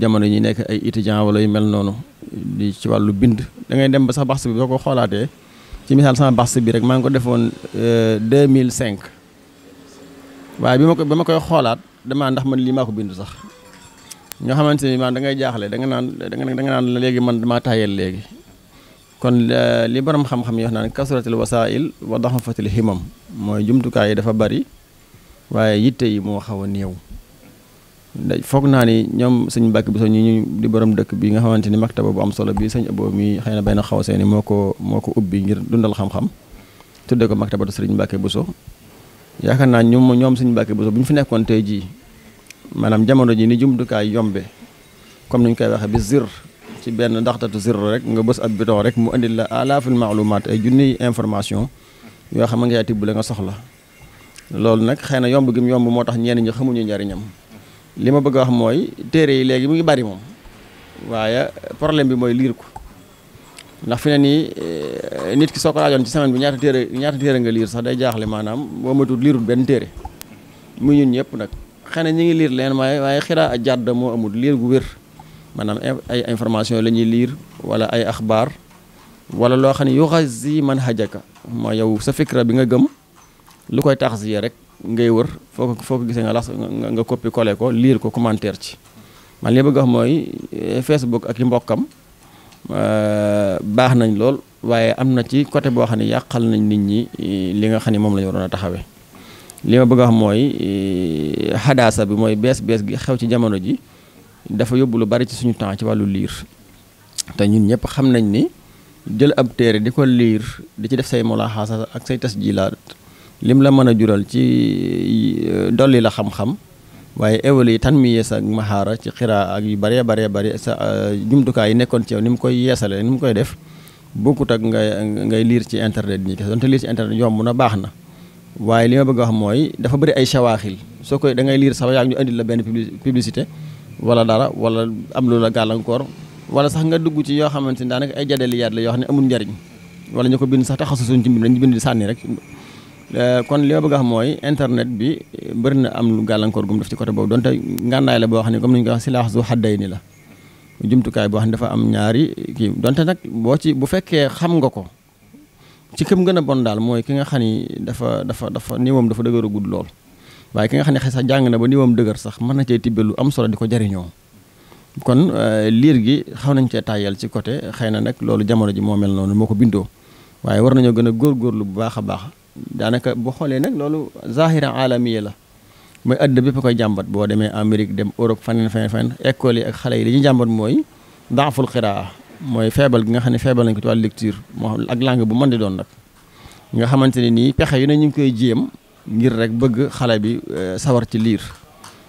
jamono ñi nekk ay étudiant wala yu mel noonu di ci wàllu bind da ngay dem ba sax baxs bi soo ko xoolaatee ci misaal sama baxs bi rek maa ngi ko defoon 2005 euh, waaye bi ma ko bi ma koy xoolaat damaa ndax man lii maa ko bind sax ñoo xamanteni man da ngay jaxlé da nga nan da nga nan légui man dama tayel légui kon eh, li borom xam-xam yi wax naan kasratul wasail wa daxafatil himam moy jumtu kay dafa bari waye yitte yi mo xawa new néew foog na ni ñom suñu mbàkk bu so ñu di borom dekk bi nga xamanteni maktaba bu am solo bi señ abo mi xeyna na xaw seen moko moko ubbi ngir dundal xam-xam tudde ko do señ mbàkke bu so yaaka na ñom ñom suñu mbàkke bu so buñ fi nekkon tay ji manam jamono ji ni jumtukaay yombe comme niñ koy waxe bi zir ci ben ndaxtatu zir rek nga bëss ab bidon rek mu andil la alaaful ma'lumat ay jooni information yo xam nga yati tibb la nga soxla lool nak xeyna yomb gi mu yomb motax ñen ñenn ñi xamuñu njariñam li lima bëgg wax moy téré yi légui mu ngi bari mom waya problème bi moy lire ko ndax fi ne eh, nit ki soko rajon ci semaine bi ñaata téré ñaata téré nga lire sax day jaaxle maanaam lire ben téré muy ñun nak xëy na ñu ngi liir leen waaye waaye xiraa a jàdd moo amul liir gu wér maanaam ay information la ñuy liir wala ay axbaar wala loo xam ne yuxazi man hajaka mooy yow sa fikra bi nga gëm lu koy taxziya rek ngay wër foo ko gisee nga las nga copie collé ko liir ko commentaire ci man li bëgg wax mooy eh, Facebook ak i mbokkam euh, baax nañ lool waaye am na ci côté boo xam ne yàqal nañ nit ñi eh, li nga xam ne moom la waroon a taxawee li ma bëgg a wax mooy e, xadaasa bi mooy bees bees gi xew ci jamono ji dafa yóbbu lu bari ci suñu temps ci wàllu liir te ñun ñëpp xam nañ ni jël ab téere di ko liir di ci def say mulaaxaasa ak say tas jilaat lim la mën a jural ci e, dolli la xam-xam waaye éwali yi tan mi yeesa ak maxaara ci xiraa ak yu bëree baree bëri sa e, jumtukaay yi nekkoon ci yow ni mu koy yeesale ni mu koy def bokkut ak ngay ngay liir ci internet ñi kese donte liir ci internet yomb na baax na waaye li ma bëgg a wax mooy dafa bëri ay shawaaxil soo koy dangay liir sax yaa ngi ñu indil la benn publicité wala dara wala am lu la gàllankoor wala sax nga dugg ci yoo xamante ni daanaka ay jadeli yaat la yoo xam ne amul njariñ wala ñu ko bind sax taxasu suñ ci mbir dañu bind di sànni rek euh, kon li bëgg a mooy internet bi bëri na am lu gàllankoor gum def ci côté boobu donte ngànnaay la boo xam ne comme ni ñu ko wax silaaxu xadday ni la jumtukaay boo xam ne dafa am ñaari kii donte nag boo ci bu fekkee xam nga ko ci këm gën a bon daal mooy ki nga xam ni dafa dafa dafa niwam dafa dëgër a gudd lool waaye ki nga xam ne sax jàng na ba niwam dëgër sax mën na cee tibbe lu am solo di ko jariñoo kon euh, liir gi xaw nañ cee tàyyal ci côté xëy na nag loolu jamono ji moo mel noonu moo ko bindoo waaye war nañoo gën a góorgóorlu bu baax a baax daanaka boo xoolee nag loolu zahira alamiya la mooy àddina bépp koy jàmbat boo demee Amérique dem Europe faneen faneen faneen école yi ak xale yi li ñuy jàmbat mooy daaful xiraa mooy feebal gi nga xam ne feebal nañ ko ci wàllu lecture moo xam ak làng bu mën di doon nag nga xamante ne nii pexe yi ne ñu ngi koy jéem ngir rek bëgg xale bi euh, sawar ci liir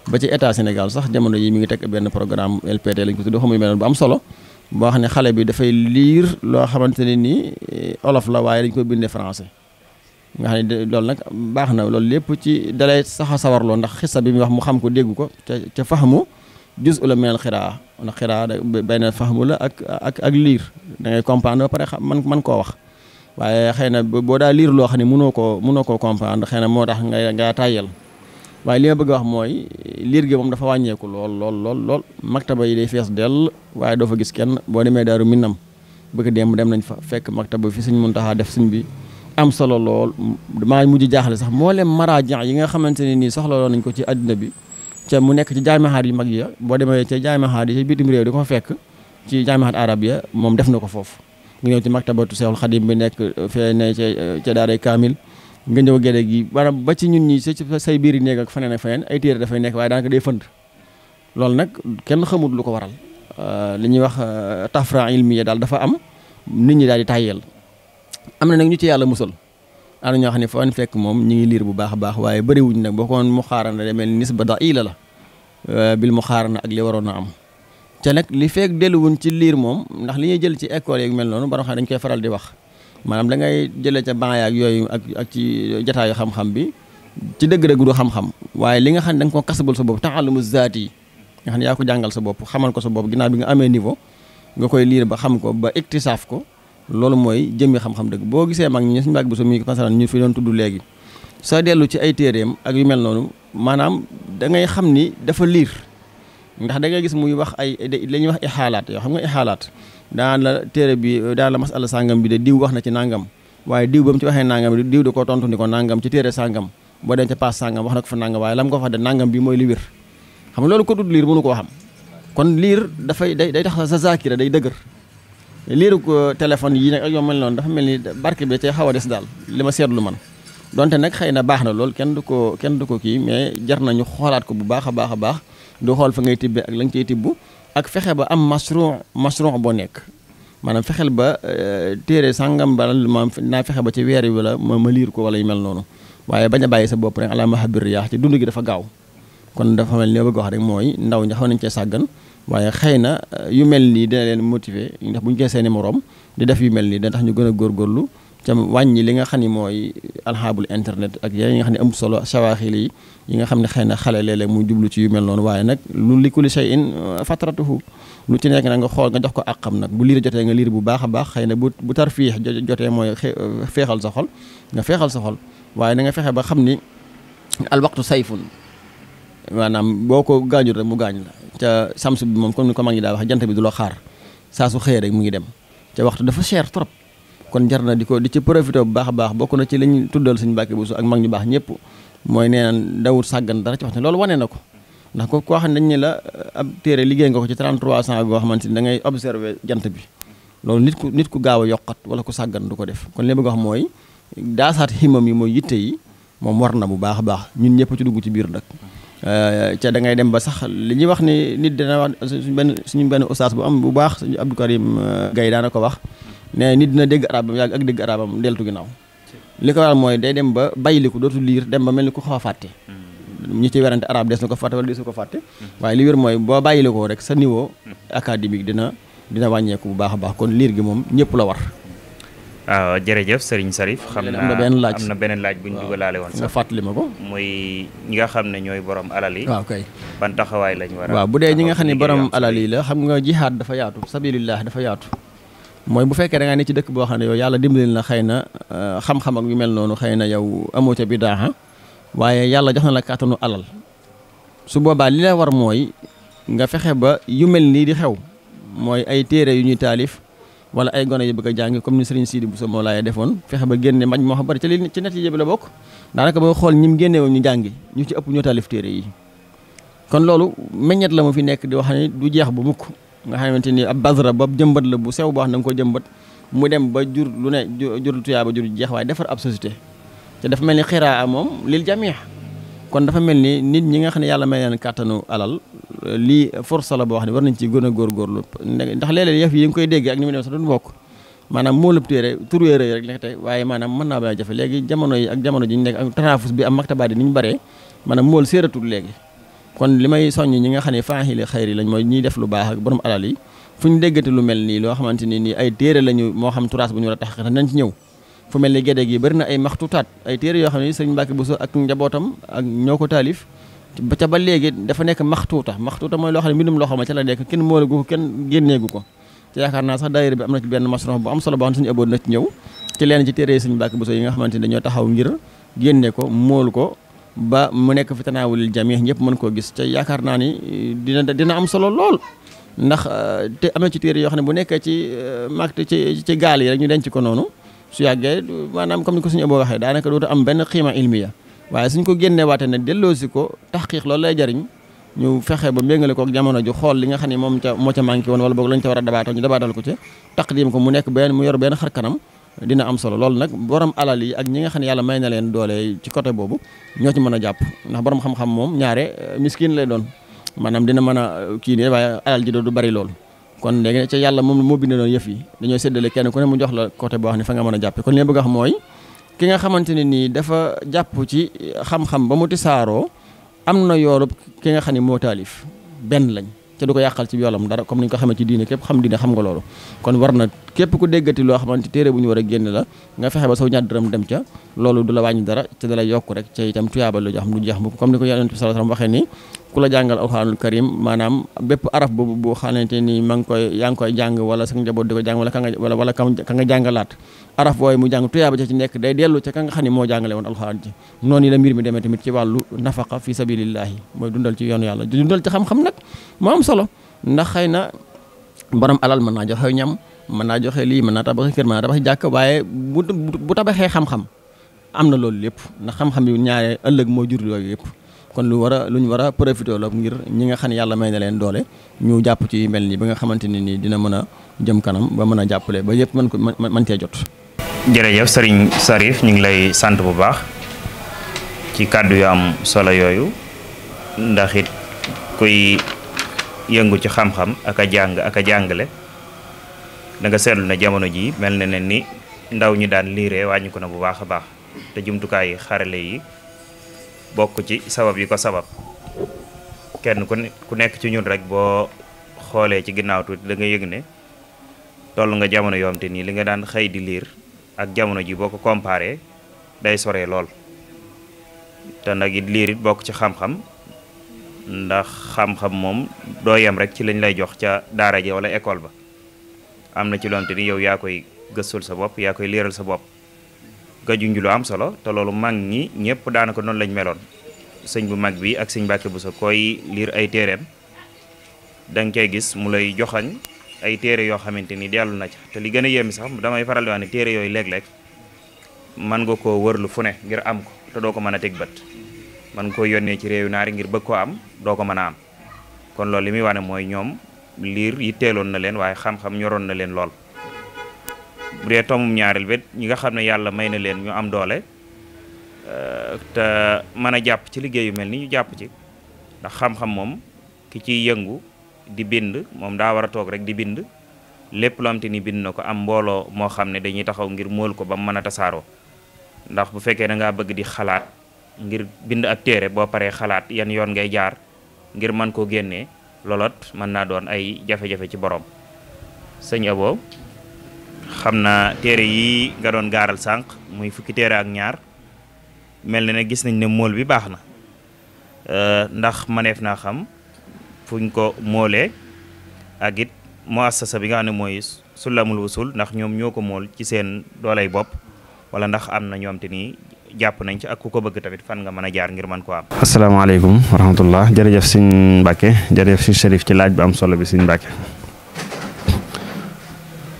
ba ci état Sénégal sax jamono yi mi ngi teg benn programme LPT lañ ko tudd xamuñu mel noonu bu am solo boo xam ne xale bi dafay liir loo xamante ne nii euh, olof la waaye dañ koy bindee français nga xam ne loolu nag baax na loolu lépp ci dalay sax a sawarloo ndax xissa bi mu wax mu xam ko dégg ko ca ca faxamu jus ula mel xiraa ndax xiraa benn faxmu la ak ak ak liir da ngay comprendre pare xam man man koo wax waaye xëy na boo daa liir loo xam ne munoo koo mënoo koo comprendre xëy na moo tax nga ngaa tàyyal waaye li ma bëgg a wax mooy liir gi moom dafa wàññeeku lool lool lool lool maktaba yi day fees dell waaye doo fa gis kenn boo demee daaru minnam bëgg démb dem nañ fa fekk maktaba fi suñ Muntaxa def suñ bi am solo lool maa mujj jaaxle sax mboolem maraaji yi nga xamante ne nii soxla nañ ko ci àddina bi ca mu nekk ci jaamihaat yu mag ya boo demee ca jaamihaat yi ci bitim réew di ko fa fekk ci jaamihaat arab ya moom def na ko foofu nga ñëw ci maktabatu Seexul Xadim bi nekk ne ca ca daaray kaamil nga ñëw gede gi maanaam ba ci ñun ñi sa say biir néeg ak feneen ak feneen ay téere dafay nekk waaye daanaka day fënd loolu nag kenn xamul lu ko waral euh, li ñuy wax euh, tafra ilmiya daal dafa am nit ñi daal di tàyyeel am na nag ñu ci yàlla musal am na ñoo xam ne foo fekk moom ñu ngi liir bu baax a baax waaye bëriwuñ nag boo koon mu xaarana demel nis ba da ila la euh, bil mu xaarana ak li waroon a am te nag li fekk delluwuñ ci liir moom ndax li ñuy jël ci école yeeg mel noonu borom xam dañ koy faral di wax maanaam da ngay jëlee ca ban yaak yooyu ak ak ci jataayu xam bi ci dëgg-dëgg du xam-xam waaye li nga xam ne da nga ko kasabul sa bopp taxalumu zaat yi nga xam ne yaa ko jàngal sa bopp xamal ko sa bopp ginnaaw bi nga amee niveau nga koy liir ba xam ko ba iktisaaf ko loolu mooy jëmmi xam-xam dëgg boo gisee mag ñi suñu mbàgg bu so mi masalan ñu fi doon tudd léegi soo dellu ci ay téereem ak yu mel noonu maanaam da ngay xam ni dafa liir ndax dangay gis muy wax ay la ñuy wax i xaalaat yoo xam nga i xaalaat daan la téere bi daan la masala sàngam bi de diw wax na ci nàngam waaye diw ba mu ci waxee nàngam diw da koo tontu ni ko nàngam ci téere sàngam boo dem ca paas sàngam wax na ko fa nàngam waaye lam ko fa de nàngam bi mooy li wér xam nga loolu ko dul liir mënu koo xam kon liir dafay day day tax sa zakira day dëgër liiru téléphone yi nag ak yoo mel noonu dafa mel ni barke bi cay xaw a des daal li ma seetlu man donte nag xëy na baax na lool kenn du ko kenn du ko kii mais jar nañu xoolaat ko bu baax a baax a baax du xool fa ngay tibbee ak la nga cay tibb ak fexe ba am masron masron boo nekk maanaam fexeel ba euh, téere sàngam ba ma naa fexe ba ci weer wi la ma ma liir ko wala yu mel noonu waaye bañ a bàyyi sa bopp rek alaa mahabir yaax ci dund gi dafa gaaw kon dafa mel ni bëgg wax rek mooy ndaw ñi xaw nañ cee sàggan waaye xëy na yu mel nii dina leen motiver ndax bu ñu gisee seeni moroom di def yu mel nii tax ñu gën a góorgóorlu ca wàññi li nga xam ni mooy alxaabul internet ak yeneen yi nga xam ne am solo sawaaxil yi yi nga xam ne xëy na xale leeg mu jublu ci yu mel noonu waaye nag lu li kulli shay'in fatratuhu lu ci nekk na nga xool nga jox ko àqam nag bu liir jotee nga liir bu baax a baax xëy na bu bu tarfiix jotee mooy feexal sa xol nga feexal sa xol waaye nga fexe ba xam ni alwaxtu sayfun maanaam boo ko gaañul rek mu gaañ la ca samsu bi mom comme ni ko mag da wax jant bi du lo xaar saa su xey rek mu ngi dem ca waxtu dafa cher trop kon jar na di ko di ci profito bu baax baax bokku na ci liñ tuddal suñu Mbàkke Buso ak magni ñu baax ñepp moy nee na dawut sàggan dara ci waxtu ne wané nako na ko ndax ko koo xam ne dañ la eh, ab téré liggéey nga ko ci 3300 goo xamante da ngay observer jant bi loolu nit ku nit ku gaaw yokkat wala ku sagan du ko def kon li nga wax mooy daasaat himam yi moy yitte yi mom warna na bu baax baax ñun ñepp ci dugg ci biir nak Euh, ca da ngay dem ba sax li ñuy wax ni nit dina wax benn suñu benn ustaas bu am bu baax suñu Abdou Karim euh, daan a ko wax ne nit dina dégg arabam yàgg ak dégg arabam deltu ginnaaw li ko waral mooy day dem ba ko dootu liir dem ba mel ni ku xaw a fàtte hmm. ñu ci werante arab des na ko fàtte desu ko fàtte waaye li mooy boo bàyyilikoo rek sa niveau hmm. académique dina dina wàññeeku bu baax a baax kon liir gi moom ñëpp la war waaw euh, jërëjëf Serigne Sarif xam naa am na beneen laaj bu ñu dugalaale woon sax nga fàttali ma ko mooy ñi nga xam ne ñooy borom alal yi waaw kay ban taxawaay lañ war waaw bu dee ñi nga xam ne borom alal yi la xam nga jihaad dafa yaatu sabilillah dafa yaatu mooy bu fekkee da ngaa ne ci dëkk boo xam ne yow yàlla dimbali na xëy na euh, xam-xam yu mel noonu xëy na yow amoo ca bidaa ah. waaye yàlla jox na la kàttanu boobaa li la war mooy nga fexe ba yu mel nii di xew mooy ay téere yu ñuy taalif wala ay gone yu bëgg a jàngi comme ni Serigne Sidi Bousso Mawlaaya defoon fexe ba génne mbañ moo xam bari ci li ci net yi bi la bokk ñu jàngi ñu ci ëpp ñoo taalif yi kon loolu meññet la mu fi nekk di wax ne jeex bu mukk nga xamante ni ab bazra ba jëmbat la bu sew boo xam ne nga ko jëmbat mu dem ba jur lu ne jur tuyaa ba jur jeex waaye defar ab société te dafa mel ni xiraa moom lil jamih kon dafa mel ni nit ñi nga xam ne yàlla may leen kàttanu alal lii force la boo xam ne war nañ ci gën a góorgóorlu ndax léeg-léeg yëf yi nga koy dégg ak ni mu dem sax duñ bokk maanaam moo téere tur wee rëy rek nekk waaye maanaam mën naa ba jafe léegi jamono yi ak jamono ji ñu nekk ak tarafus bi am maktabaat yi ni ñu baree maanaam kon li may soññ ñi nga xam ne faaxili xayri lañ mooy ñiy def lu baax ak borom alal yi fu ñu déggate lu mel nii loo xamante ni nii ay téere lañu moo xam turaas bu ñu war a tax nañ ci ñëw fu mel ni gédé gi bari na ay maxtutaat ay téere yoo xam ne Sëriñ Mbàkke Buso ak njabootam ak ñoo ko taalif ba ca ba léegi dafa nekk maxtuuta maxtuuta mooy loo xam ne mbindum loo xam ne ca la nekk kenn mooleegu ko kenn génneegu ko te yaakaar naa sax daayira bi am na ci benn masron bu am solo boo xam ne suñu ëboon na ci ñëw ci téere ne dañoo taxaw ngir génne ko mool ko ba mu nekk fi tanaawulil jamih ñëpp mën koo gis te yaakaar naa ni eh, dina dina am solo lool ndax eh, te am yoo xam ne bu nekkee ci eh, mag ci ci gaal yi rek ñu denc ko noonu su yàggee maanaam comme ni ko suñu ëboo waxee daanaka dootu am benn xiima ilmiya waaye suñ ko génnee waate ne delloosi ko taxqiq loolu lay jariñ ñu fexe ba méngale ko jamono ju xool li nga xam ne moom ca moo manqué woon wala boog lañ a dabaatal ñu dabaatal ko ca taqdim ko mu nekk benn mu yor benn xar kanam dina am solo loolu nag borom alal yi ak ñi nga xam ne yàlla may na leen doole ci côté boobu ñoo ci mën a jàpp ndax borom xam-xam moom ñaare euh, miskin lay doon maanaam dina mën a euh, kii ne waaye alal ji doo du bari loolu kon léegi ca yàlla moom moo bind doon yëf yi dañoo séddale kenn ku ne mu jox boo xam ne fa a jàppe kon li bëgg ki nga xamanteni ni dafa japp ci xam-xam ba mu tisaro amna na ki nga xani ne moo taalif lañ ci duko yakal ci yolam dara comme ni ñu ko xamee ci diine kep xam diine xam nga lolu kon warna na ku déggati lo xamanteni téré buñu wara war la nga fexé ba saw ñaar dëram dem ca lolu dula la dara ci dala yok rek ci itam tuyaba jax jax bu comme ni ko sallallahu alayhi wasallam ni karim manam, bepp araf bu bo xamante ni ma koy yang koy jang wala diko jang wala ka nga wala wala ka nga jangalat araf booy mu jàng tuyaaba ca ci nekk day dellu ca ka nga xam ne moo jàngale woon alxuraan ji noonu la mbir mi demee tamit ci wàllu nafaqa fi sabilillahi mooy dundal ci yoonu yàlla dundal ci xam-xam nag moo am solo ndax xëy na borom alal mën naa joxe ñam mën naa joxe lii mën naa tabax kër mën naa tabax jàkk waaye bu bu tabaxee xam-xam am na loolu lépp ndax xam-xam yu ñaare ëllëg moo jur yooyu yëpp kon lu war a lu ñu war a profité la ngir ñi nga xam ne yàlla may na leen doole ñu jàpp ci mel nii ba nga xamante ne nii dina mën a jëm kanam ba mën a jàppale ba yëpp mën ko mën cee jot. jërëjëf Serigne Sarif ñu ngi lay sant bu baax ci kàddu yu am solo yooyu ndax it kuy yëngu ci xam-xam ak a jàng ak a jàngale da nga seetlu ne jamono ji mel na ne ni ndaw ñi daan liiree wàññi ko na bu baax a baax te jumtukaay yi xarale yi. bokk ci sabab yi ko sabab kenn ku nekk ci ñun rek boo xoolee ci ginnaaw tuuti da nga yëg ne toll nga jamono yoom te nii li nga daan xëy di liir ak jamono ji boo ko comparé day soree lool te nag it liir it bokk ci xam-xam ndax xam-xam moom doo yem rek ci lañ lay jox ca daara ja wala école ba am na ci loom te ni yow yaa koy gëstul sa bopp yaa koy liiral sa bopp nga junj lu am solo te loolu mag ñi ñëpp daanaka noonu lañ meloon sëñ bu mag bi ak sëñ Mbàkke bu sa koy liir ay téereem danga nga koy gis mu lay joxañ ay téere yoo xamante ni dellu na ca te li gën a yéemi sax damay faral di wax ne téere yooyu léeg-léeg mën nga ko wërlu fu ne ngir am ko te doo ko mën a teg bët mën nga koo yónnee ci réewu naari ngir bëgg koo am doo ko mën a am kon loolu li muy ne mooy ñoom liir yi teeloon na leen waaye xam-xam ñoroon na leen lool bu dee tomum ñaareel bet ñi nga xam ne yàlla may na leen ñu am doole euh, te mën a jàpp ci liggéey mel ni ñu jàpp ci ndax xam-xam moom ki ciy yëngu di bind moom daa war a toog rek di bind lépp lu am ni bind na ko am mbooloo moo xam ne dañuy taxaw ngir mool ko ba mu mën a tasaaroo ndax bu fekkee da ngaa bëgg di xalaat ngir bind ak téere boo paree xalaat yan yoon ngay jaar ngir man koo génnee lolot mën naa doon ay jafe-jafe ci borom sëñ Abo xamna téré yi nga doon garal sank muy fukki téré ak ñaar mel na ne gis nañ ne mol bi baxna euh ndax manef na xam fuñ ko molé ak it muassasa bi nga ne sulamul wusul ndax ñom ñoko ko ci seen dolay bop wala ndax am na ñom tini japp nañ ci ak ku ko bëgg tamit fan nga mëna jaar ngir man ko am. alaykum wa rahmatullah seigne Sëñ jere jef seigne cherif ci laaj bi am solo bi seigne Mbàkke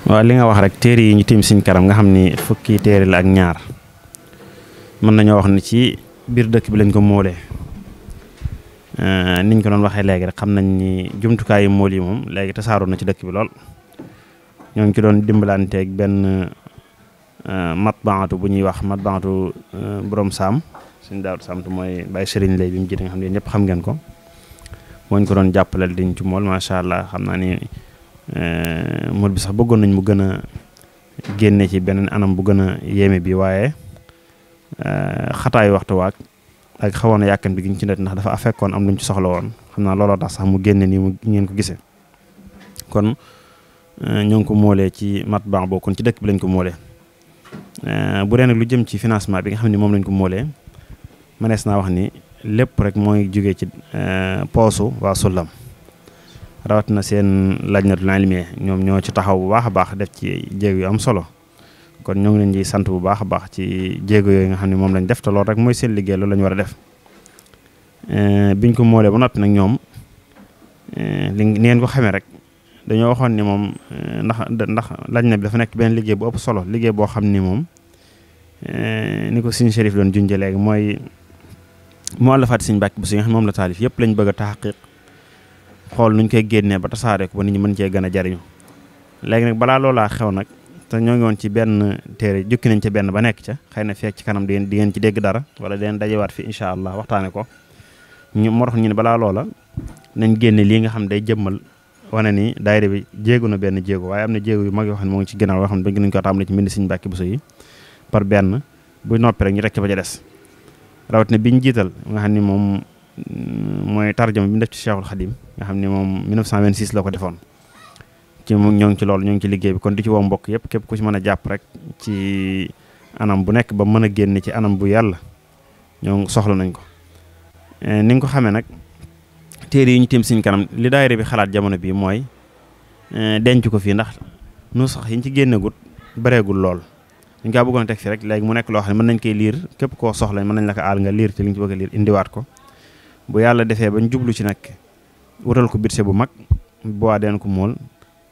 wa li nga wax rek téré yi ñu tim suñu karam nga xamni ni fukki téré la ak ñaar mën nañu wax ni ci bir dëkk bi lañ ko euh eh, niñ ko doon waxé légui rek xamnañ nañ ni jumtukaayu mool yi mom légui tassaru na ci dëkk bi lool ñoo ngi ci doon ben euh matbaatu bu ñuy wax matbaatu eh, borom suñu daawu sam tu moy bay Serigne lay bi mu jiite nga xam xam ngeen ko moñ ko doon jappalal diñ ci mool sha allah xamna ni. Euh, mode bi sax bëggoon nañ mu gën a génne ci beneen anam bu gën a yéeme bi waaye euh, xataayu waxtu waak ak xawoon na yàkkan bi giñ ci net ndax dafa affekkoon am luñ ci soxla woon xam naa looloo tax sax mu génne nii mu ngeen ko gisee kon euh, ñoo ngi ko moolee ci matbaa boo kon ci dëkk bi lañ ko moolee bu dee nag lu jëm ci financement bi nga xam ni moom lañ ko moolee mënees naa wax ni lépp rek mooy jógee ci poosu waa Sullam rawat na seen lajnatul ilmiya ñoom ñoo ci taxaw bu baax a baax def ci jéego yu am solo kon ñoo ngi leen di sant bu baax a baax ci jéego yooyu nga xam ne moom lañ def te loolu rek mooy seen liggéey loolu lañ ñu war a def eh, biñ ko moolee ba noppi nag ñoom eh, li ngeen ko xamee rek dañoo waxoon ni moom eh, ndax ndax laaj na bi dafa nekk benn liggéey bu ëpp solo liggéey boo xam ni moom ni ko Sëriñ Chérif doon junjee léegi mooy mu àllafaat Sëriñ Mbàkke bu si nga xam moom la taalif yëpp lañ bëgg a taxaqiq xool nuñ koy génnee ba tasaare ko ba nit ñi mën cee gën a jariñu léegi nag balaa loolaa xew nag te ñoo ngi woon ci benn téere jukki nañ ca benn ba nekk ca xëy na fekk ci kanam di ngeen ci dégg dara wala deen dajewaat fi incha allah waxtaane ko ñu moo ñu ne balaa loola nañ génne lii nga xam day jëmmal wane ni daayira bi jéegu na benn jéego waaye am na jéego yu mag yoo xam ne moo ci ginnaaw yoo xam ne bëgg nañ ko tàmbali ci mbind Sëriñ Mbàkke bu noppi rek ñu rek ci ba ca des rawatina biñ jiital nga xam ni moom mooy tarjama bi mu def ci Cheikhul Khadim nga xam ne moom 1926 la ko defoon ci ñoo ngi ci loolu ñoo ngi ci liggéey kon di ci woo mbokk yëpp képp ku ci mën rek ci anam bu nekk ba mën a génn ci anam bu yàlla ñoo soxla nañ ko eh, ni nga ko xamee nag téere yi ñu tim sin kanam li daayira bi xalaat jamono bii mooy eh, denc ko fii ndax nu sax yi ñu ci génneegut bareegul lool dañ kaa bëggoon a teg fi rek léegi mu nekk loo xam ne mën nañ koy liir képp koo soxla mën nañ la nga liir ci li ñu bëgg a ko bu yàlla defee bañ jublu ci nag wutal ko budget bu mag bu waa ko mool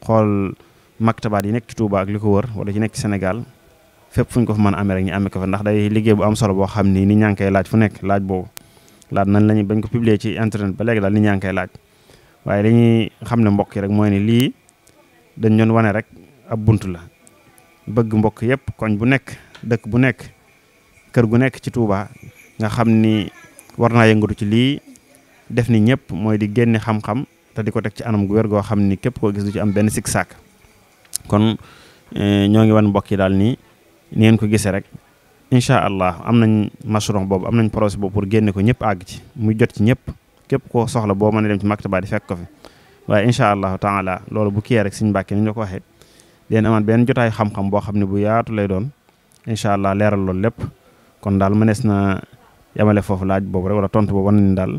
xool maktabaat yi nekk ci Touba ak li ko wër wala ci nekk senegal Sénégal fépp fu ñu ko fa mën a amee rek ñu amee ko fa ndax day liggéey bu am solo boo xam ni ni ñaa laaj fu nekk laaj boobu laaj na lañu bañ ko piblier ci internet ba léegi daal ni ñaa ngi koy laaj waaye dañuy xam ne mbokk yi rek mooy ne lii dañ doon wane rek ab bunt la bëgg mbokk yëpp koñ bu nekk dëkk bu nekk kër gu nekk ci Touba warna yang yëngatu ci nyep def ni ñëpp mooy di génne xam-xam te di ko teg ci anam gu wér goo xam ni képp gis du ci am benn sàkk kon eh, ñoo ngi wan mbokk yi daal ni ngeen ko gisee rek insha allah am nañ mashron boobu am nañ projet boobu pour génne ko ñëpp àgg ci muy jot ci ñëpp képp koo soxla boo mën dem ci maktaba di fekk ko fi waaye insha allahu taala loolu bu kiyee rek suñ mbàkke ni ñu ko waxee deen amaat benn jotaay xam-xam boo xam ne bu yaatu lay doon insha allah leeral loolu lépp kon daal mënees na yamale foofu laaj boobu rek wala tontu boobu wan nañ daal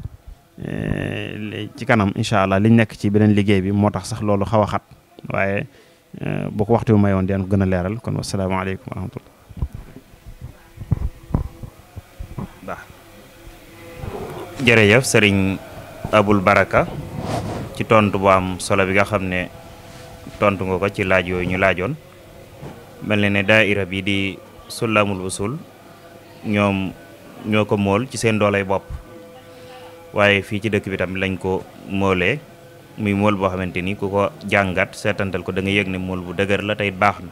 eh, ci kanam incha allah liñ nekk ci beneen liggéey bi moo tax sax loolu xaw a xat waaye eh, boo ko waxtu bi mayoon dinañ ko gën a leeral kon wasalaamaaleykum wa rahmatullah jërëjëf sëriñ Abul Baraka ci tontu bu am solo bi nga xam ne tontu nga ko ci laaj yooyu ñu laajoon mel na ne daaira bi di Sullamul Usul ñoom ñoko mol ci seen dolay bop waye fi ci dëkk bi tam lañ ko molé muy mol bo xamanteni ku ko jangat sétantal ko da nga yegg ne mol bu dëgër la tay baxna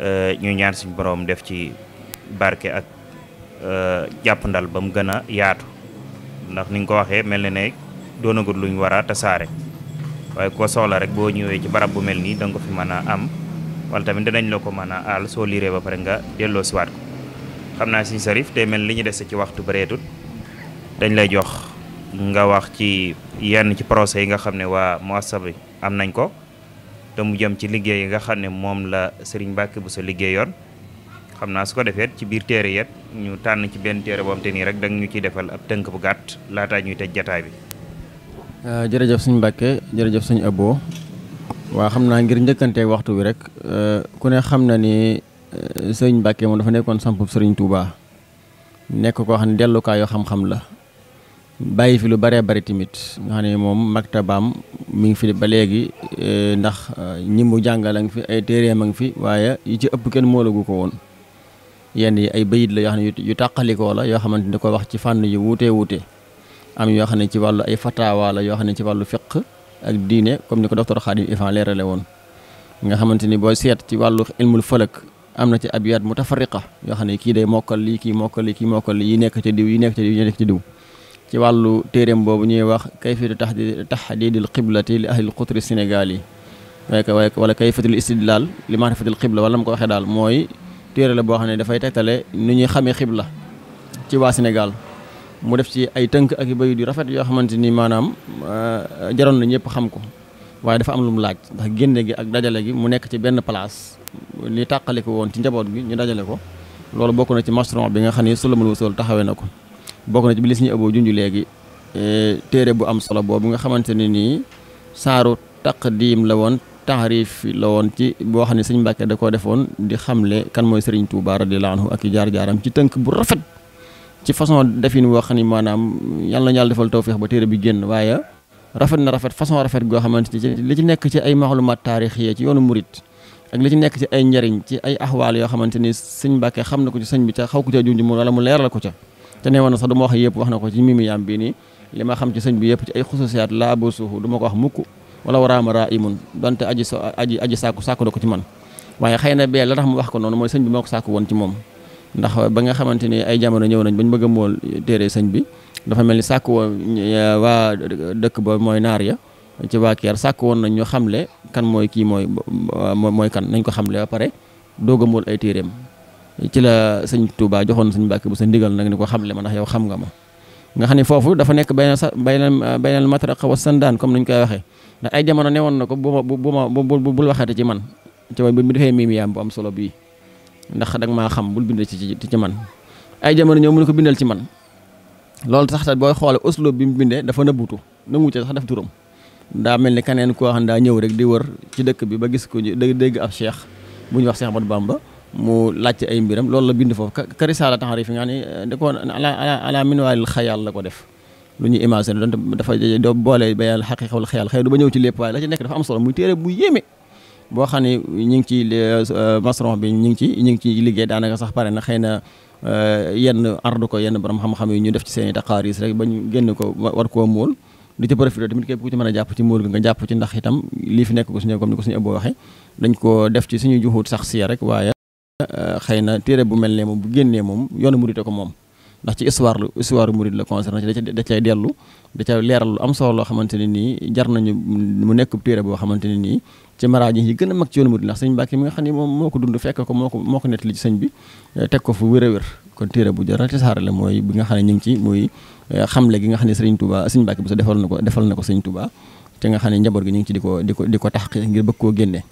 euh ñu ñaan suñu borom def ci barké ak euh ba mu gën a yaatu ndax ni nga ko waxee mel na ne doonagut luñ war a tasaare waaye ko soxla rek bo ñëwé ci barab bu melni da nga fi mëna am wala tamit dinañ la ko al a aal ba paré nga ci wat ko xam naa Sëriñ Sarif day mel li ñu dese ci waxtu bëreetut dañ lay jox nga wax ci yenn ci procès yi nga xam ne waa muassa bi am nañ ko te mu jëm ci liggéey yi nga xam ne moom la Sëriñ Mbàkke bu sa liggéeyoon xam naa su ko defee ci biir téere yet ñu tànn ci benn téere boobu te nii rek danga ñu ciy defal ab tënk bu gàtt laataa ñuy tëj jataay bi euh, jërëjëf Sëriñ Mbàkke jërëjëf Sëriñ Abo waa xam naa ngir njëkkanteeg waxtu wi rek euh, ku ne xam na ni Eh, sëriñ Mbàkke mo dafa nekkoon sampu sëriñ Touba nekk koo xam ka yo xam-xam la bayyi fi lu bare bare timit nga xam mom maktabam mi ngi fi ba léegi eh, ndax eh, ñimu jangal jàngal fi ay téeréem mang fi waya yi ci ëpp kenn la guko won yenn ay bayit la yo xam yu la yo xamante ko wax ci fann yu wuutee wuute am yo xam ci walu ay fatawa la yo xam ci walu fiq ak diine comme ni ko docteur Khadim Ifan leerale nga xamanteni bo set ci walu ilmul falak am na ci abiyat mutafariqa yoo xam ne kii day mokkal lii kii mokkal lii kii mokkal lii yi nekk ci diw yi nekk ci diw yi nekk ci diw ci wàllu téeréem boobu ñuy wax kayfiyatu tahdidil qiblati li ahlil qutri sénégal yi waaye wala kayfiyatul istidlal li maarifatil xibla wala mu ko waxee daal mooy téere la boo xam ne dafay tegtale nu ñuy xamee xibla ci waa sénégal mu def ci ay tënk ak bayit yu rafet yoo xamante ni maanaam euh, jaroon na ñëpp xam ko waaye dafa am lu mu laaj ndax génne gi ak dajale gi mu nekk ci benn place li tàqaliku woon ci njaboot bi ñu dajale ko loolu bokk na ci mastron bi nga xam ne Sullamul Wusul taxawee na ko bokk na ci bi lis ñu ëbboo junj léegi e, téere bu am solo boobu nga xamante ne nii saaru taqdiim la woon taarif la woon ci boo xam ne sëñ Mbàkke da koo defoon di xamle kan mooy Sëriñ Tuubaa radiyallaahu anhu ak i jaar-jaaram ci tënk bu rafet ci façon defin woo xam ne maanaam yàlla na yàlla defal tawféex ba téere bi génn waaye rafet na rafet façon rafet goo xamante ci nekk ci ay maxlumaat taarix yi ci yoonu murit ak li ci nekk ci ay njariñ ci ay axwaal yoo xamante ni sëñ Mbàkke xam na ko ci sëñ bi ca xaw ko ca junj mu wala mu leeral ko ca te nee woon na sax du ma wax yëpp wax na ko ci mimiyaam bii nii li ma xam ci sëñ bi yëpp ci ay xususiyaat laa bo suufu du ma ko wax mukk wala waraama raa imun donte aji so aji aji sàkku sàkku do ko ci man waaye xëy na bee la tax mu wax ko noonu mooy sëñ bi moo ko sàkku woon ci moom ndax ba nga xamante ni ay jamono ñëw nañ bañ bëgg a mool téere sëñ bi dafa mel ni sàkku eh, waa dëkk ba mooy naar ya ci waa sàkk woon nañ ñu xamle kan mooy kii mooy mooy kan nañ ko xamle ba pare doog a mool ay téeréem ci la sëñ Touba joxoon sëñ Mbàkke bu sa ndigal nag ni ko xamle ma ndax yow xam nga ma. nga xam ne foofu dafa nekk bayna sa bayna baynal matraq wa sandaan comme nañ koy waxee ay jamono ne woon na ko bu ma bu ma bu bul waxeete man ci mooy bu defee miim yaam am solo bii ndax dag maa xam bul bind ci ci man. ay jamono ñëw mu ko bindal ci man loolu sax booy xoolee oslo bi mu bindee dafa nëbbutu nangu ci sax def turam. daa mel ni keneen koo xam ne daa ñëw rek di wër ci dëkk bi ba gis ko dëgg ab cheikh bu ñu wax Cheikh Ahmadou Bamba mu laajte ay mbiram loolu la bind foofu ka risaala taxarif nga xam ne eh, da ko ala ala minwaaril la ko def lu ñuy imaginer donte dafa do boole bayal xaqiqa wal xayaal xëy du ba ñëw ci lépp waaye la ci nekk dafa am solo muy téere bu yéeme boo xam ne ñu ngi ci euh, masron bi ñu ngi ci ñu ngi ci liggéey daanaka sax pare na xëy na euh, yenn ardu ko yenn borom xam yi ñu def ci seen i taqaaris rek ba ñu génn ko war koo mool di ci profité tamit képp ku ci mën a jàpp ci muur gi nga jàpp ci ndax itam lii fi nekk ko suñu comme ni waxee dañ ko def ci suñu juxuut sax siya rek waaye euh, xëy na téere bu mel ne moom bu génnee moom yoonu murite ko moom ndax ci histoire lu histoire murid la concerné ci da cay dellu da cay leeral lu am solo loo xamante ne nii jar nañu mu nekk téere boo xamante ne nii ci maraaj yi gën a mag ci yoonu murid ndax sëñ Mbàkke mi nga xam ne moom moo ko dund fekk ko moo ko moo ko nettali euh, ko fu wér kon téere bu jar a tasaare la mooy bi nga xam ne ñu ngi ci muy xamle gi nga xam ne sëriñ Touba sëriñ Mbacke Bousso defal na ko defal na ko sëriñ Touba te nga xam ne njaboot gi ñu ngi ci di ko di ko di ko tax ngir bëgg koo génne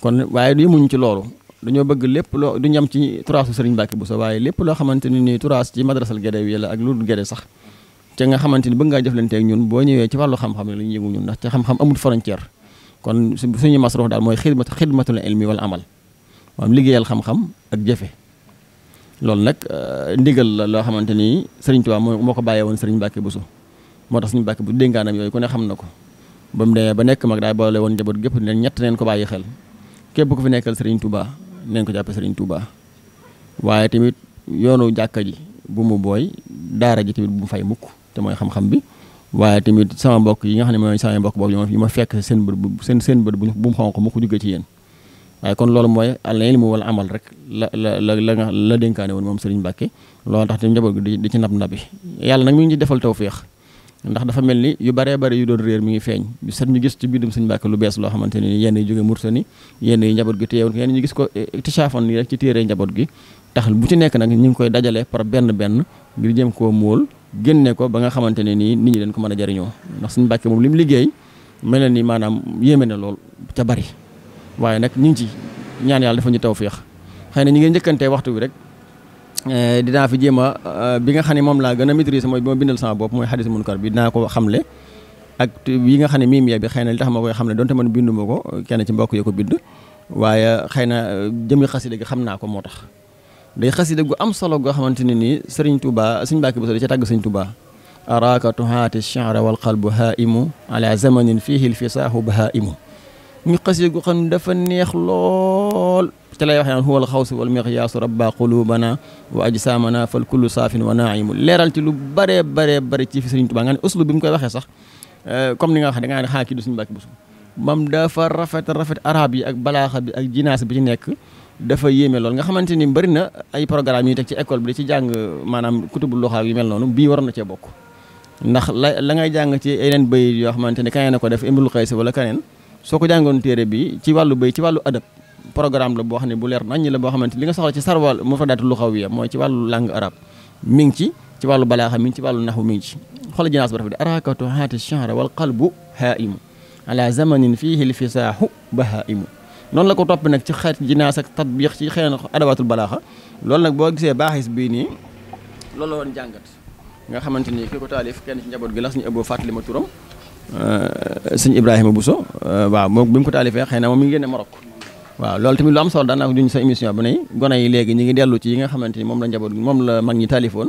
kon waaye du yemuñ ci loolu dañoo bëgg lépp loo du ñam ci turaasu sëriñ Mbacke Bousso waaye lépp loo xamante ne nii turaas ci madrasal Guédé wi la ak lu dul Guédé sax te nga xamante ni bëgg ngaa jëflanteeg ñun boo ñëwee ci wàllu xam-xam la ñu yëngu ñun ndax ci xam-xam amul frontière kon suñu masrox daal mooy xidmat xidmatul ilmi wal amal maanaam liggéeyal xam-xam ak jëfe loolu nag euh, ndigal la loo xamante ni Serigne Touba moo moo ko bàyyee woon Serigne Mbacke so moo tax Serigne bu Bousso dénkaanam yooyu ko ne xam na ko ba mu demee ba nekk mag daay boole woon njaboot gépp ne ñett neen ko bàyyi xel képp ku fi nekkal Serigne Touba neen ko jàppe Serigne Touba waaye tamit yoonu jàkka ji bu mu booy daara ji tamit bu mu fay mukk te mooy xam-xam bi waaye tamit sama mbokk yi nga xam ne mooy sama mbokk boobu yi ma fekk seen bët seen seen bët bu mu xonq mukk ci yéen waaye kon loolu mooy al ilmu wal amal rek la la la la nga la woon moom Serigne Mbacke loolu tax tamit njaboot gi di ci nab nabi yàlla nag mi ngi defal tawféex ndax dafa mel ni yu baree bari yu doon réer mi ngi feeñ ñu set ñu gis ci bindum Serigne Mbacke lu bees loo xamante ni yenn yi jóge Mauritanie yenn yi njaboot gi téyewoon yenn ñu gis ko eh, eh, ticaafoon nii rek ci téere njaboot gi tax bu ci nekk nag ñu ngi koy dajale par benn benn ngir jëm koo móol génne ko ba nga xamante ne nii nit ñi dañ ko mën a jariñoo ndax Serigne Mbacke moom li mu liggéey mel na maanaam yéeme na lool ca bari waye nak ñu ci ñaan yàlla dafa ñu tawfiq xeyna ñi ngeen ngi waxtu bi rek euh dina fi jema bi nga xani mom la gëna maîtriser moy bima bindal sama bop moy hadith munkar bi dina ko xamle ak wi nga xani mim ya bi xeyna li tax ma koy xamle donte man bindu mako ko kenn ci mbokk yako ko bind waaye xëy jëmi xasida gi xamna ko motax day xasida gu am solo go xamanteni ni serigne Touba serigne bakki Bousso ci tag serigne sëriñ Touba araaka tuhaati shara wal qalbu haimu ala zamanin fihi al-fisahu lfisaahu bahaimu muy xasee gu xam dafa neex lool te lay wax naan huwa alxawsu wal miqyaasu rabba qulubana wa ajsamana fal kullu saafin wa naimu leeral ci lu bëree bëree bëri ci fi Sëriñ Tuubaa nga ne uslu bi mu koy waxee sax comme ni nga wax da ngaa ne xaa kii du suñu Mbàkke Buso moom dafa rafet rafet arab yi ak balaaxa bi ak jinaas bi ci nekk dafa yéeme lool nga xamante ni bëri na ay programme yi teg ci école bi di ci jàng maanaam kutubul luxaa yi mel noonu bii waroon na cee bokk ndax la la ngay jàng ci yeneen bayit yoo xamante ne kaneen na ko def imrul xaysi wala kaneen soo ko jàngoon téere bi ci wàllu béy ci wàllu adab programme la boo xam ne bu leer naññi la boo xamante li nga soxla ci sarwal mu fa daatu lu xaw ya mooy ci wàllu langue arabe mi ngi ci ci wàllu balaaxa mi ngi ci wàllu naxu mi ngi ci xoolal jinaas ba dafa de arakatu haati chahra wal qalbu haimu ala zamanin fihi lfisaahu bahaimu noonu la ko topp nag ci xeet jinaas ak tatbiq ci xëy na adabatul balaaxa loolu nag boo gisee baaxis bii nii loolu la woon jàngat nga xamante ni ki ko taalif kenn gi las ñu fàttali ma turam Euh, sëñ Ibrahima Bousso euh, waaw moom bi mu ko taalifee xëy na moom mi ngi génne waaw lool tamit lu am solo daan naa ko ngi dellu ci yi nga xamante ni moom la njaboot moom la mag ñi taalifoon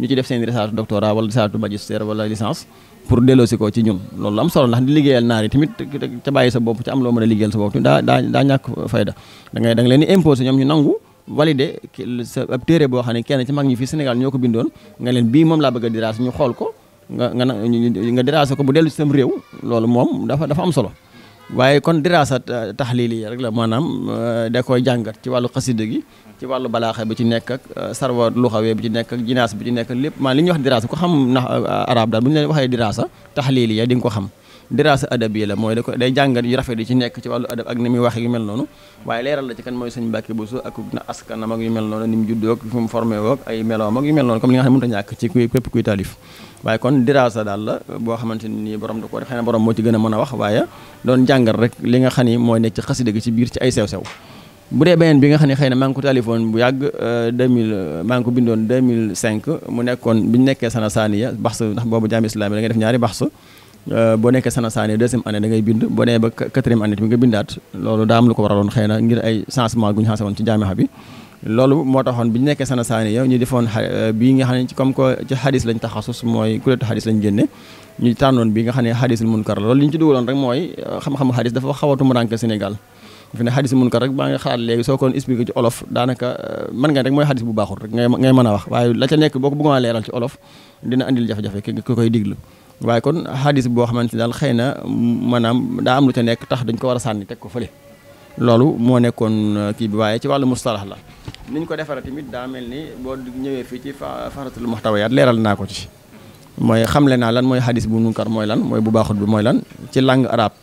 ñu ci def seen recherche doctorat wala recherche solo ndax liggéeyal naar yi tamit ca bàyyi sa bopp ci am loo mën a liggéeyal sa bopp tamit daa daa daa fayda da ngay leen di ñoom ñu nangu valider sa téere boo xam ne kenn ci mag ñi fii Sénégal ñoo ko bindoon nga leen bii moom la bëgg a diraas ñu xool ko nga nga nga dirasa ko mu delu sam rew mom dafa dafa am solo waye kon dirasa tahlili, ya, rek la manam eh, da koy jangat ci walu qasida gi ci walu balaaxa bi ci nekk ak eh, sarwa xawé bi ci nekk ak jinas bi ci nekk lepp lépp liñ li ñuy wax dirasa ko xam na eh, arab dal buñ ñu leen waxee diraasa tahlili ya ding ko xam diraasa adab yi la moy da koy day jangat yu rafet ci nekk ci walu adab ak ni wax yu mel nonu waye leral la ci kan moy seigne Mbàkke bousso ak na askanam ak yu mel nonu nim mu juddoo ak fi formé wok ay meloom ak yu mel nonu comme li nga xam ta ñak ci kuy pep kuy talif waaye kon diraasa daal la boo xamante nii borom da ko def xëy na borom moo ci gën a mën a wax waaye doon jàngal rek li nga xam ni mooy nekk ci xasida gi ci biir ci ay sew-sew bu dee beneen nga xam ne xëy na maa ngi ko téléphone bu yàgg 2000 euh, maa ngi ko bindoon 2005 mu nekkoon bi ñu nekkee sana saaniya baxsu ndax boobu jaami islaam da ngay def ñaari baxsu euh, boo nekkee sana saaniya deuxième année da ngay bind boo nee ba quatrième année bi nga bindaat loolu daa am lu ko waraloon xëy woon ci jaamiha bi loolu moo taxoon bi ñu nekkee sana saani yow ñu defoon euh, bii nga xam ne comme que ci xadis lañ taxasus mooy kuleetu xadis lañ génne ñu tànnoon bi nga xam ne xadisul munkar la loolu li ñu ci dugaloon rek mooy euh, xam-xamu xadis dafa xawatu mu ranke Sénégal fi nga xalaat léegi soo euh, mooy xadis bu baaxul rek ngay ngay mën a wax waaye la ca nekk boo ko bëggoon a leeral ci olof dina andil jafe-jafe ki koy diglu waaye kon xadis boo xamante daal xëy na maanaam daa am lu ca nekk tax dañ ko war a sànni teg ko fële loolu moo nekkoon euh, kii bi waaye ci wàllu mustalax la niñ ko defara tamit daa mel ni boo ñëwee fi ci lu faratul muxtawayaat leeral naa ko ci mooy xamle naa lan mooy xadis bu munkar mooy lan mooy bu baaxut bi mooy lan ci langue arabe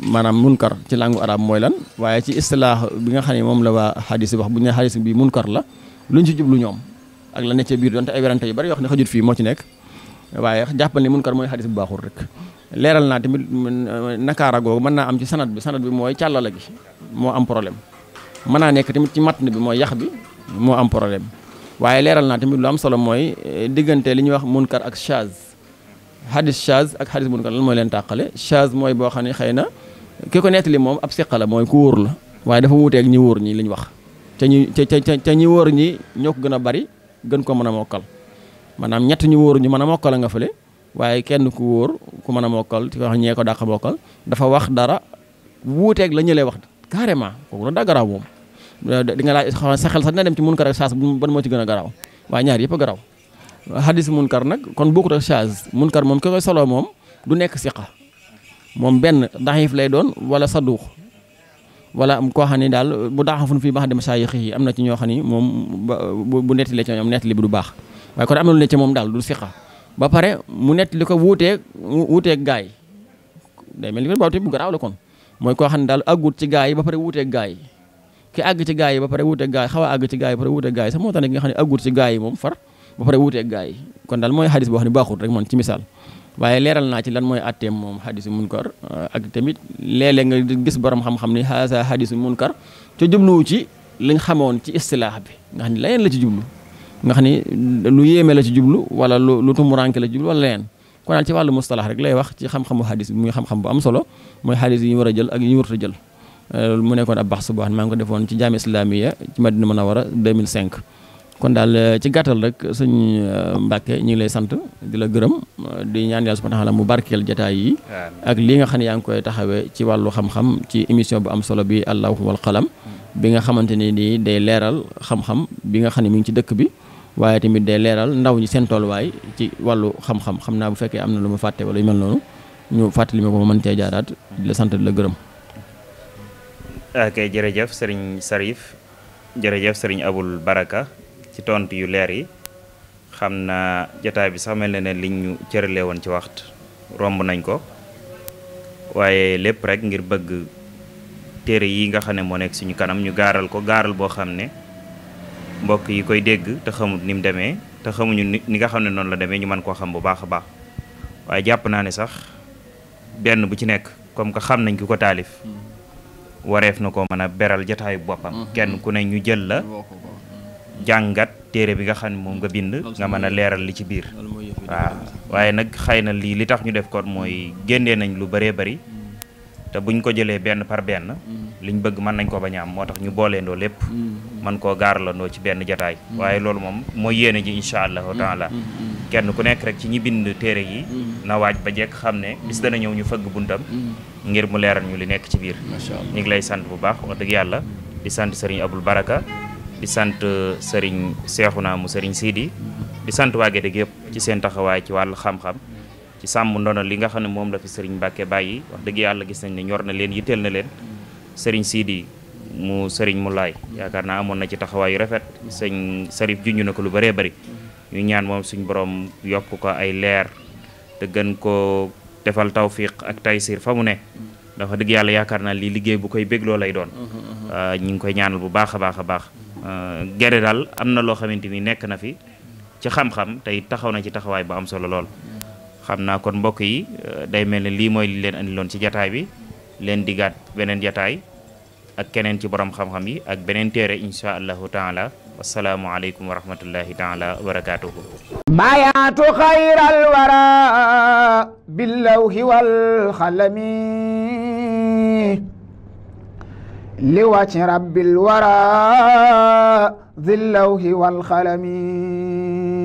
maanaam munkar ci langue arabe mooy lan waaye ci istilaax bi nga xam ne moom la waa xadis wax bu ñu nee xadis bi munkar la luñ ci jublu ñoom ak la ne ca biir donte ay werante yu bari yoo xam xajut fii moo ci nekk waaye jàppal ni munkar mooy xadis bu baaxul rek leeral naa tamit mm, mm, nakaara googu mën naa am ci sanat bi sanat bi mooy càllala gi moo am problème mën naa nekk tamit ci matn bi mooy yax bi moo am problème waaye leeral naa tamit lu am solo mooy eh, diggante li ñuy wax munkar ak chaz hadis chaz ak hadis munkar lan mooy leen tàqale chaz mooy boo xam ne xëy na ki ko nettali moom ab siqa la mooy ku wóor la waaye dafa wuuteeg ñi wóor ñi li wax te ñu te te ñi wóor ñi ñoo ko gën a bari gën ko mën a mokkal maanaam ñett ñu wóor ñu mën a mokkal nga fële waaye kenn ku wóor ku mën a mokkal ci wax ñee ko dàq mokkal dafa wax dara wuuteeg la ñëlee wax carrément kooku loolu daa garaaw moom di nga laaj sa xel sax dina dem ci munkar ak saas ban moo ci gën a garaaw waaye ñaar yëpp a garaaw munkar nag kon bokkut ak saas munkar moom ki soloo moom du nekk siqa moom benn daxiif lay doon wala saduux wala koo xam ne daal bu daaxafun fii baax dem masaayix yi am na ci ñoo xam ni moom bu nettali la ci ñoom nettali bi du baax kon na lu ne ci moom daal du siqa ba pare mu nett li ko wuuteeg wuuteeg gaay yi day mel ni boobu bu garaaw la kon mooy koo xam ne daal àggut ci gaa yi ba pare wuuteeg gaa yi ki àgg ci gaa yi ba pare wuuteeg gaa yi a àgg ci gaa yi ba pare wuuteeg gaa sax moo tax ne ki nga xam ne àggut ci gaa yi moom far ba pare wuuteeg gaa yi kon daal mooy xadis boo xam ne baaxul rek man ci misaal waaye leeral naa ci lan mooy atteem moom xadisu munkar uh, ak tamit léeg-léeg nga gis borom xam-xam ni xaasa xadisu munkar te jubluwu ci liñ xamoon ci istilaax bi nga xam ne leneen la ci jublu nga xam ni lu yéeme la ci jublu wala lu lu tumuranke la ci jublu la leneen kon daal ci wàllu mustalax rek lay wax ci xam-xamu hadis bi muy xam-xam bu am solo mooy hadis yi ñu war a jël ak yi ñu warut a jël euh, mu nekkoon ab baax boo xam ne maa ngi ko defoon ci jaami islamiya ci Madina Munawara 2005 kon daal euh, ci gàttal rek sëñ euh, Mbacke ñu ngi lay sant di la gërëm di ñaan yàlla subhanahu wa taala mu barkeel jataay yi ak li nga xam ne yaa ngi koy taxawe ci wàllu xam-xam ci émission bu am solo bi Al Lawh wal bi nga xamante ni nii day leeral xam-xam bi nga xam ne mi ngi ci dëkk bi waaye tamit de leeral ndaw ñi seen tolluwaay ci wàllu xam-xam xam naa bu fekkee am na lu ma fàtte wala yu mel noonu ñu fàttali ma ko ma mën cee jaaraat di la sant di la gërëm. ok jërëjëf sëriñ Sarif jërëjëf sëriñ Abul Baraka ci tontu yu leer yi xam na jotaay bi sax mel na ne liñ ñu cëralee woon ci waxtu romb nañ ko waaye lépp rek ngir bëgg téere yi nga xam ne moo nekk suñu kanam ñu gaaral ko gaaral boo xam ne. mbokk yi koy dégg te xamul ni mu demee te xamuñu ni nga xam ne noonu la demee ñu man koo xam bu baax a baax waaye jàpp naa ne sax benn bu ci nekk comme que xam nañ ki ko taalif mm-hmm. wareef na ko mën a beral jataayu boppam mm-hmm. kenn ku ne ñu jël la mm-hmm. jàngat téere bi nga xam ne moom nga bind nga mën a leeral li ci biir waaw waaye nag xëy na lii li tax ñu def kon mooy génnee nañ lu bëree bari te buñ ko jëlee benn par benn liñ bëgg mën nañ ko bañ a am moo tax ñu booleendoo lépp man mm-hmm. koo gaaralandoo ci benn jataay mm-hmm. waaye loolu moom mooy yéene ji incha allahu mm-hmm. taala kenn ku nekk rek ci ñi bind téere yi na waaj ba jekk xam ne bis dana ñëw ñu fëgg buntam ngir mu leeral ñu li nekk ci biir ñu ngi lay sant bu baax wax dëgg yàlla di sant sëriñ abul baraka di sant euh, sëriñ seexu naa mu sëriñ siidi di sant waa Gédé gi yëpp ci seen taxawaay ci wàllu xam-xam ci sàmm ndono li nga xam ne moom la fi sëriñ bàyyi dëgg yàlla gis nañ ne ñor na leen yitteel na leen sering Sidi mu sering mulai ya yaakaar naa na ci taxaway rafet sëñ Sarif juñu na lu ya bare bare ñu ñaan mom suñ borom yokku ko ay leer te gën ko defal tawfiq ak taysir famu ne dafa deug yalla yakarna li liggey bu koy begg lolay doon ah, ñu ngi koy ñaanal bu baaxa baaxa baax ah, gere daal am na loo xamante nekk na fi ci xam-xam tay taxaw na ci taxaway bu am solo lol xamna kon mbokk yi ah, day melni li moy li li andi lon ci jotaay bi len digaat benen jotaay ak kenen ci borom xam-xam yi ak benen téré insha allah taala assalamu alaykum wa rahmatullahi taala wa barakaatuhu bayaatu xayra wal khalami walxalami liwaci rabbil wara wal khalami